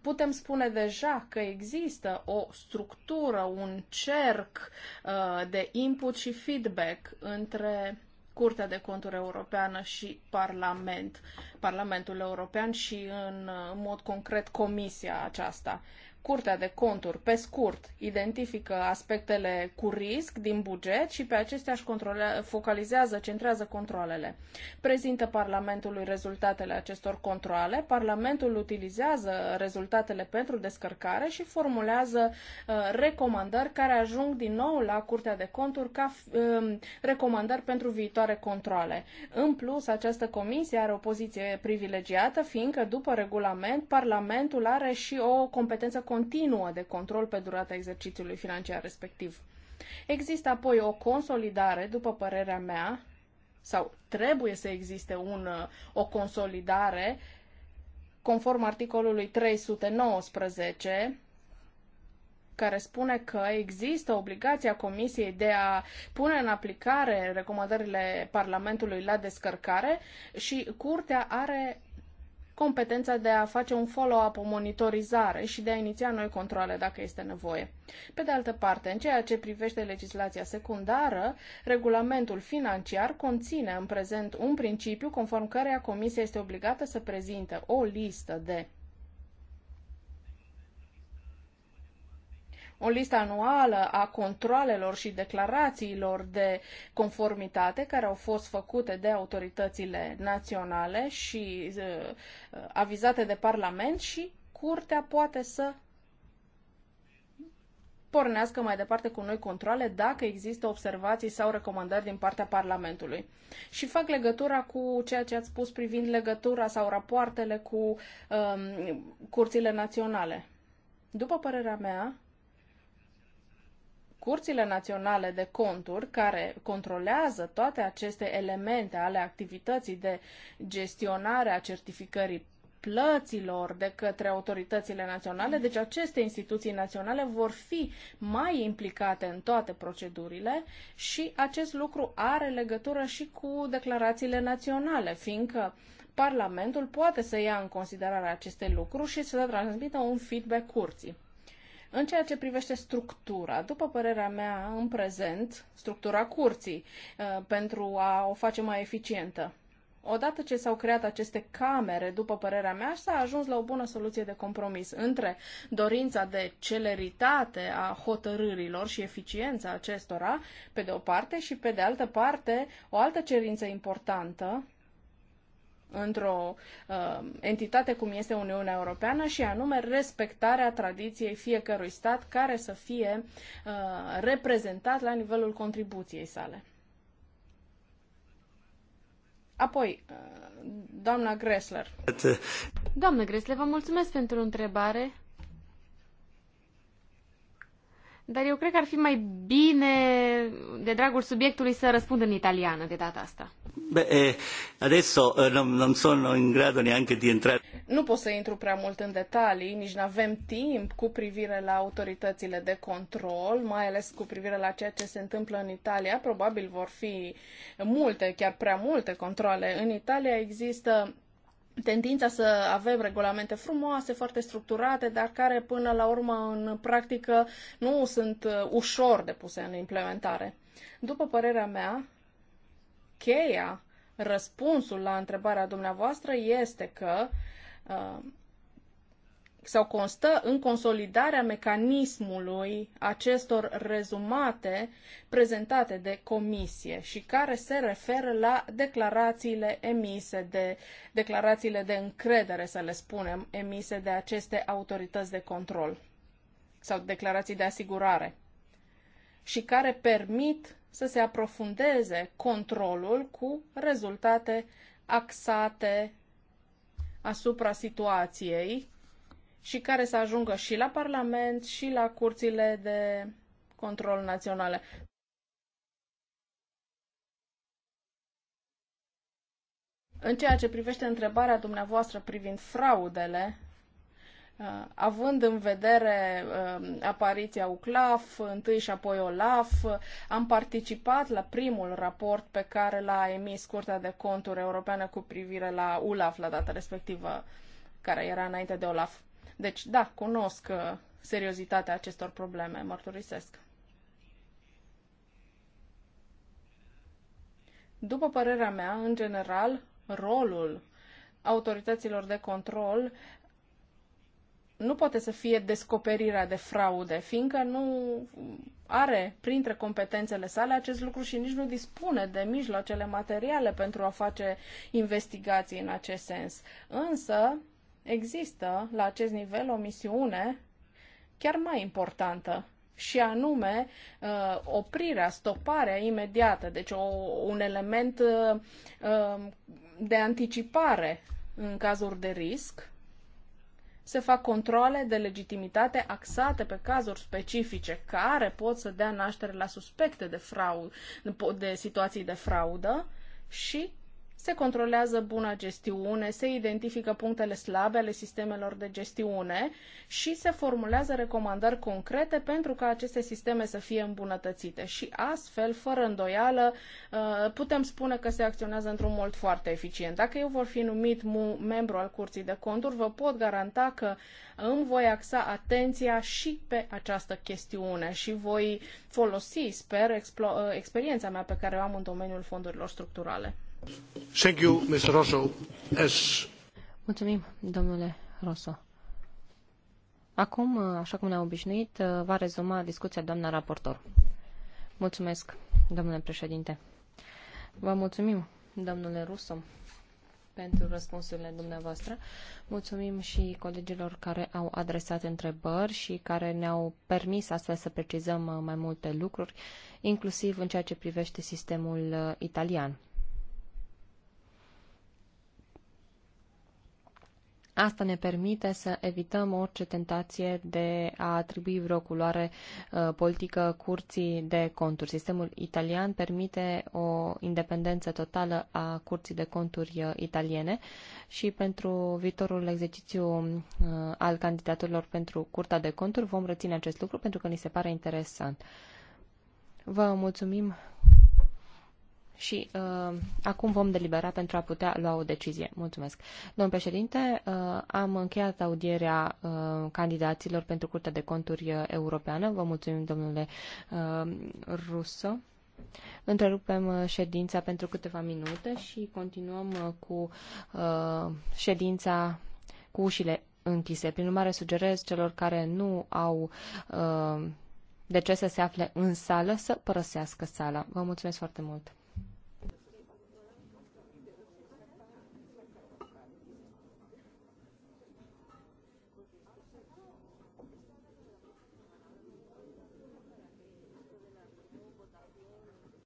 Putem spune deja că există o structură, un cerc uh, de input și feedback între Curtea de Conturi Europeană și Parlament, Parlamentul European și în uh, mod concret Comisia aceasta. Uh, Curtea de Conturi, pe scurt, identifică aspectele cu risc din buget și pe acestea își focalizează, centrează controlele. Prezintă Parlamentului rezultatele acestor controle, Parlamentul utilizează rezultatele pentru descărcare și formulează uh, recomandări care ajung din nou la Curtea de Conturi ca uh, recomandări pentru viitoare controle. În plus, această comisie are o poziție privilegiată, fiindcă după regulament, Parlamentul are și o competență continuă de control pe durata exercițiului financiar respectiv. Există apoi o consolidare, după părerea mea, sau trebuie să existe un, o consolidare conform articolului 319 care spune că există obligația Comisiei de a pune în aplicare recomandările Parlamentului la descărcare și Curtea are competența de a face un follow-up, o monitorizare și de a iniția noi controle dacă este nevoie. Pe de altă parte, în ceea ce privește legislația secundară, regulamentul financiar conține în prezent un principiu conform căreia Comisia este obligată să prezinte o listă de o listă anuală a controalelor și declarațiilor de conformitate care au fost făcute de autoritățile naționale și uh, uh avizate de Parlament și curtea poate să pornească mai departe cu noi controle dacă există observații sau recomandări din partea Parlamentului. Și fac legătura cu ceea ce ați spus privind legătura sau rapoartele cu um, curțile naționale. După părerea mea, curțile naționale de conturi, care controlează toate aceste elemente ale activității de gestionare a certificării plăților de către autoritățile naționale, deci aceste instituții naționale vor fi mai implicate în toate procedurile și acest lucru are legătură și cu declarațiile naționale, fiindcă Parlamentul poate să ia în considerare aceste lucruri și să transmită un feedback curții. În ceea ce privește structura, după părerea mea, în prezent, structura curții, uh, pentru a o face mai eficientă. Odată ce s-au creat aceste camere, după părerea mea, s-a ajuns la o bună soluție de compromis între dorința de celeritate a hotărârilor și eficiența acestora, pe de o parte, și pe de altă parte, o altă cerință importantă într-o uh, entitate cum este Uniunea Europeană și anume respectarea tradiției fiecărui stat care să fie uh, reprezentat la nivelul contribuției sale. Apoi, uh, doamna Gressler. Doamna Gressler, vă mulțumesc pentru întrebare. Dar eu cred că ar fi mai bine, de dragul subiectului, să răspund în italiană de data asta. Beh, eh, adesso eh, non, non sono in grado neanche di entrare. Nu pot să intru prea mult în detalii, nici nu avem timp cu privire la autoritățile de control, mai ales cu privire la ceea ce se întâmplă în Italia. Probabil vor fi multe, chiar prea multe controle. În Italia există tendința să avem regulamente frumoase, foarte structurate, dar care până la urmă în practică nu sunt uh, ușor de puse în implementare. După părerea mea, cheia, răspunsul la întrebarea dumneavoastră este că uh, sau constă în consolidarea mecanismului acestor rezumate prezentate de comisie și care se referă la declarațiile emise de declarațiile de încredere, să le spunem, emise de aceste autorități de control sau declarații de asigurare și care permit să se aprofundeze controlul cu rezultate axate asupra situației și care să ajungă și la Parlament și la curțile de control naționale. În ceea ce privește întrebarea dumneavoastră privind fraudele, uh, având în vedere uh, apariția UCLAF, întâi și apoi OLAF, am participat la primul raport pe care l-a emis Curtea de Conturi Europeană cu privire la ULAF la data respectivă, care era înainte de OLAF. Deci, da, cunosc uh, seriozitatea acestor probleme, mărturisesc. După părerea mea, în general, rolul autorităților de control nu poate să fie descoperirea de fraude, fiindcă nu are printre competențele sale acest lucru și nici nu dispune de mijloacele materiale pentru a face investigații în acest sens. Însă, există la acest nivel o misiune chiar mai importantă și anume uh, oprirea, stoparea imediată, deci o, un element uh, um, de anticipare în cazuri de risc. Se fac controle de legitimitate axate pe cazuri specifice care pot să dea naștere la suspecte de, fraud, de situații de fraudă și se controlează buna gestiune, se identifică punctele slabe ale sistemelor de gestiune și se formulează recomandări concrete pentru ca aceste sisteme să fie îmbunătățite. Și astfel, fără îndoială, uh, putem spune că se acționează într-un mod foarte eficient. Dacă eu vor fi numit membru al Curții de Conturi, vă pot garanta că îmi voi axa atenția și pe această chestiune și voi folosi, sper, uh, experiența mea pe care o am în domeniul fondurilor structurale. Mulțumim, domnule Rosso. Acum, așa cum ne-am obișnuit, va rezuma discuția doamna raportor. Mulțumesc, domnule președinte. Vă mulțumim, domnule Russo, pentru răspunsurile dumneavoastră. Mulțumim și colegilor care au adresat întrebări și care ne-au permis astfel să precizăm mai multe lucruri, inclusiv în ceea ce privește sistemul italian. Asta ne permite să evităm orice tentație de a atribui vreo culoare uh, politică curții de conturi. Sistemul italian permite o independență totală a curții de conturi uh, italiene și pentru viitorul exercițiu uh, al candidaturilor pentru curta de conturi vom reține acest lucru pentru că ni se pare interesant. Vă mulțumim și uh, acum vom delibera pentru a putea lua o decizie. Mulțumesc. Domnul președinte, uh, am încheiat audierea uh, candidaților pentru Curtea de Conturi uh, Europeană. Vă mulțumim, domnule uh, Russo. Întrerupem uh, ședința pentru câteva minute și continuăm uh, cu uh, ședința cu ușile închise. Prin urmare, sugerez celor care nu au uh, de ce să se afle în sală să părăsească sala. Vă mulțumesc foarte mult!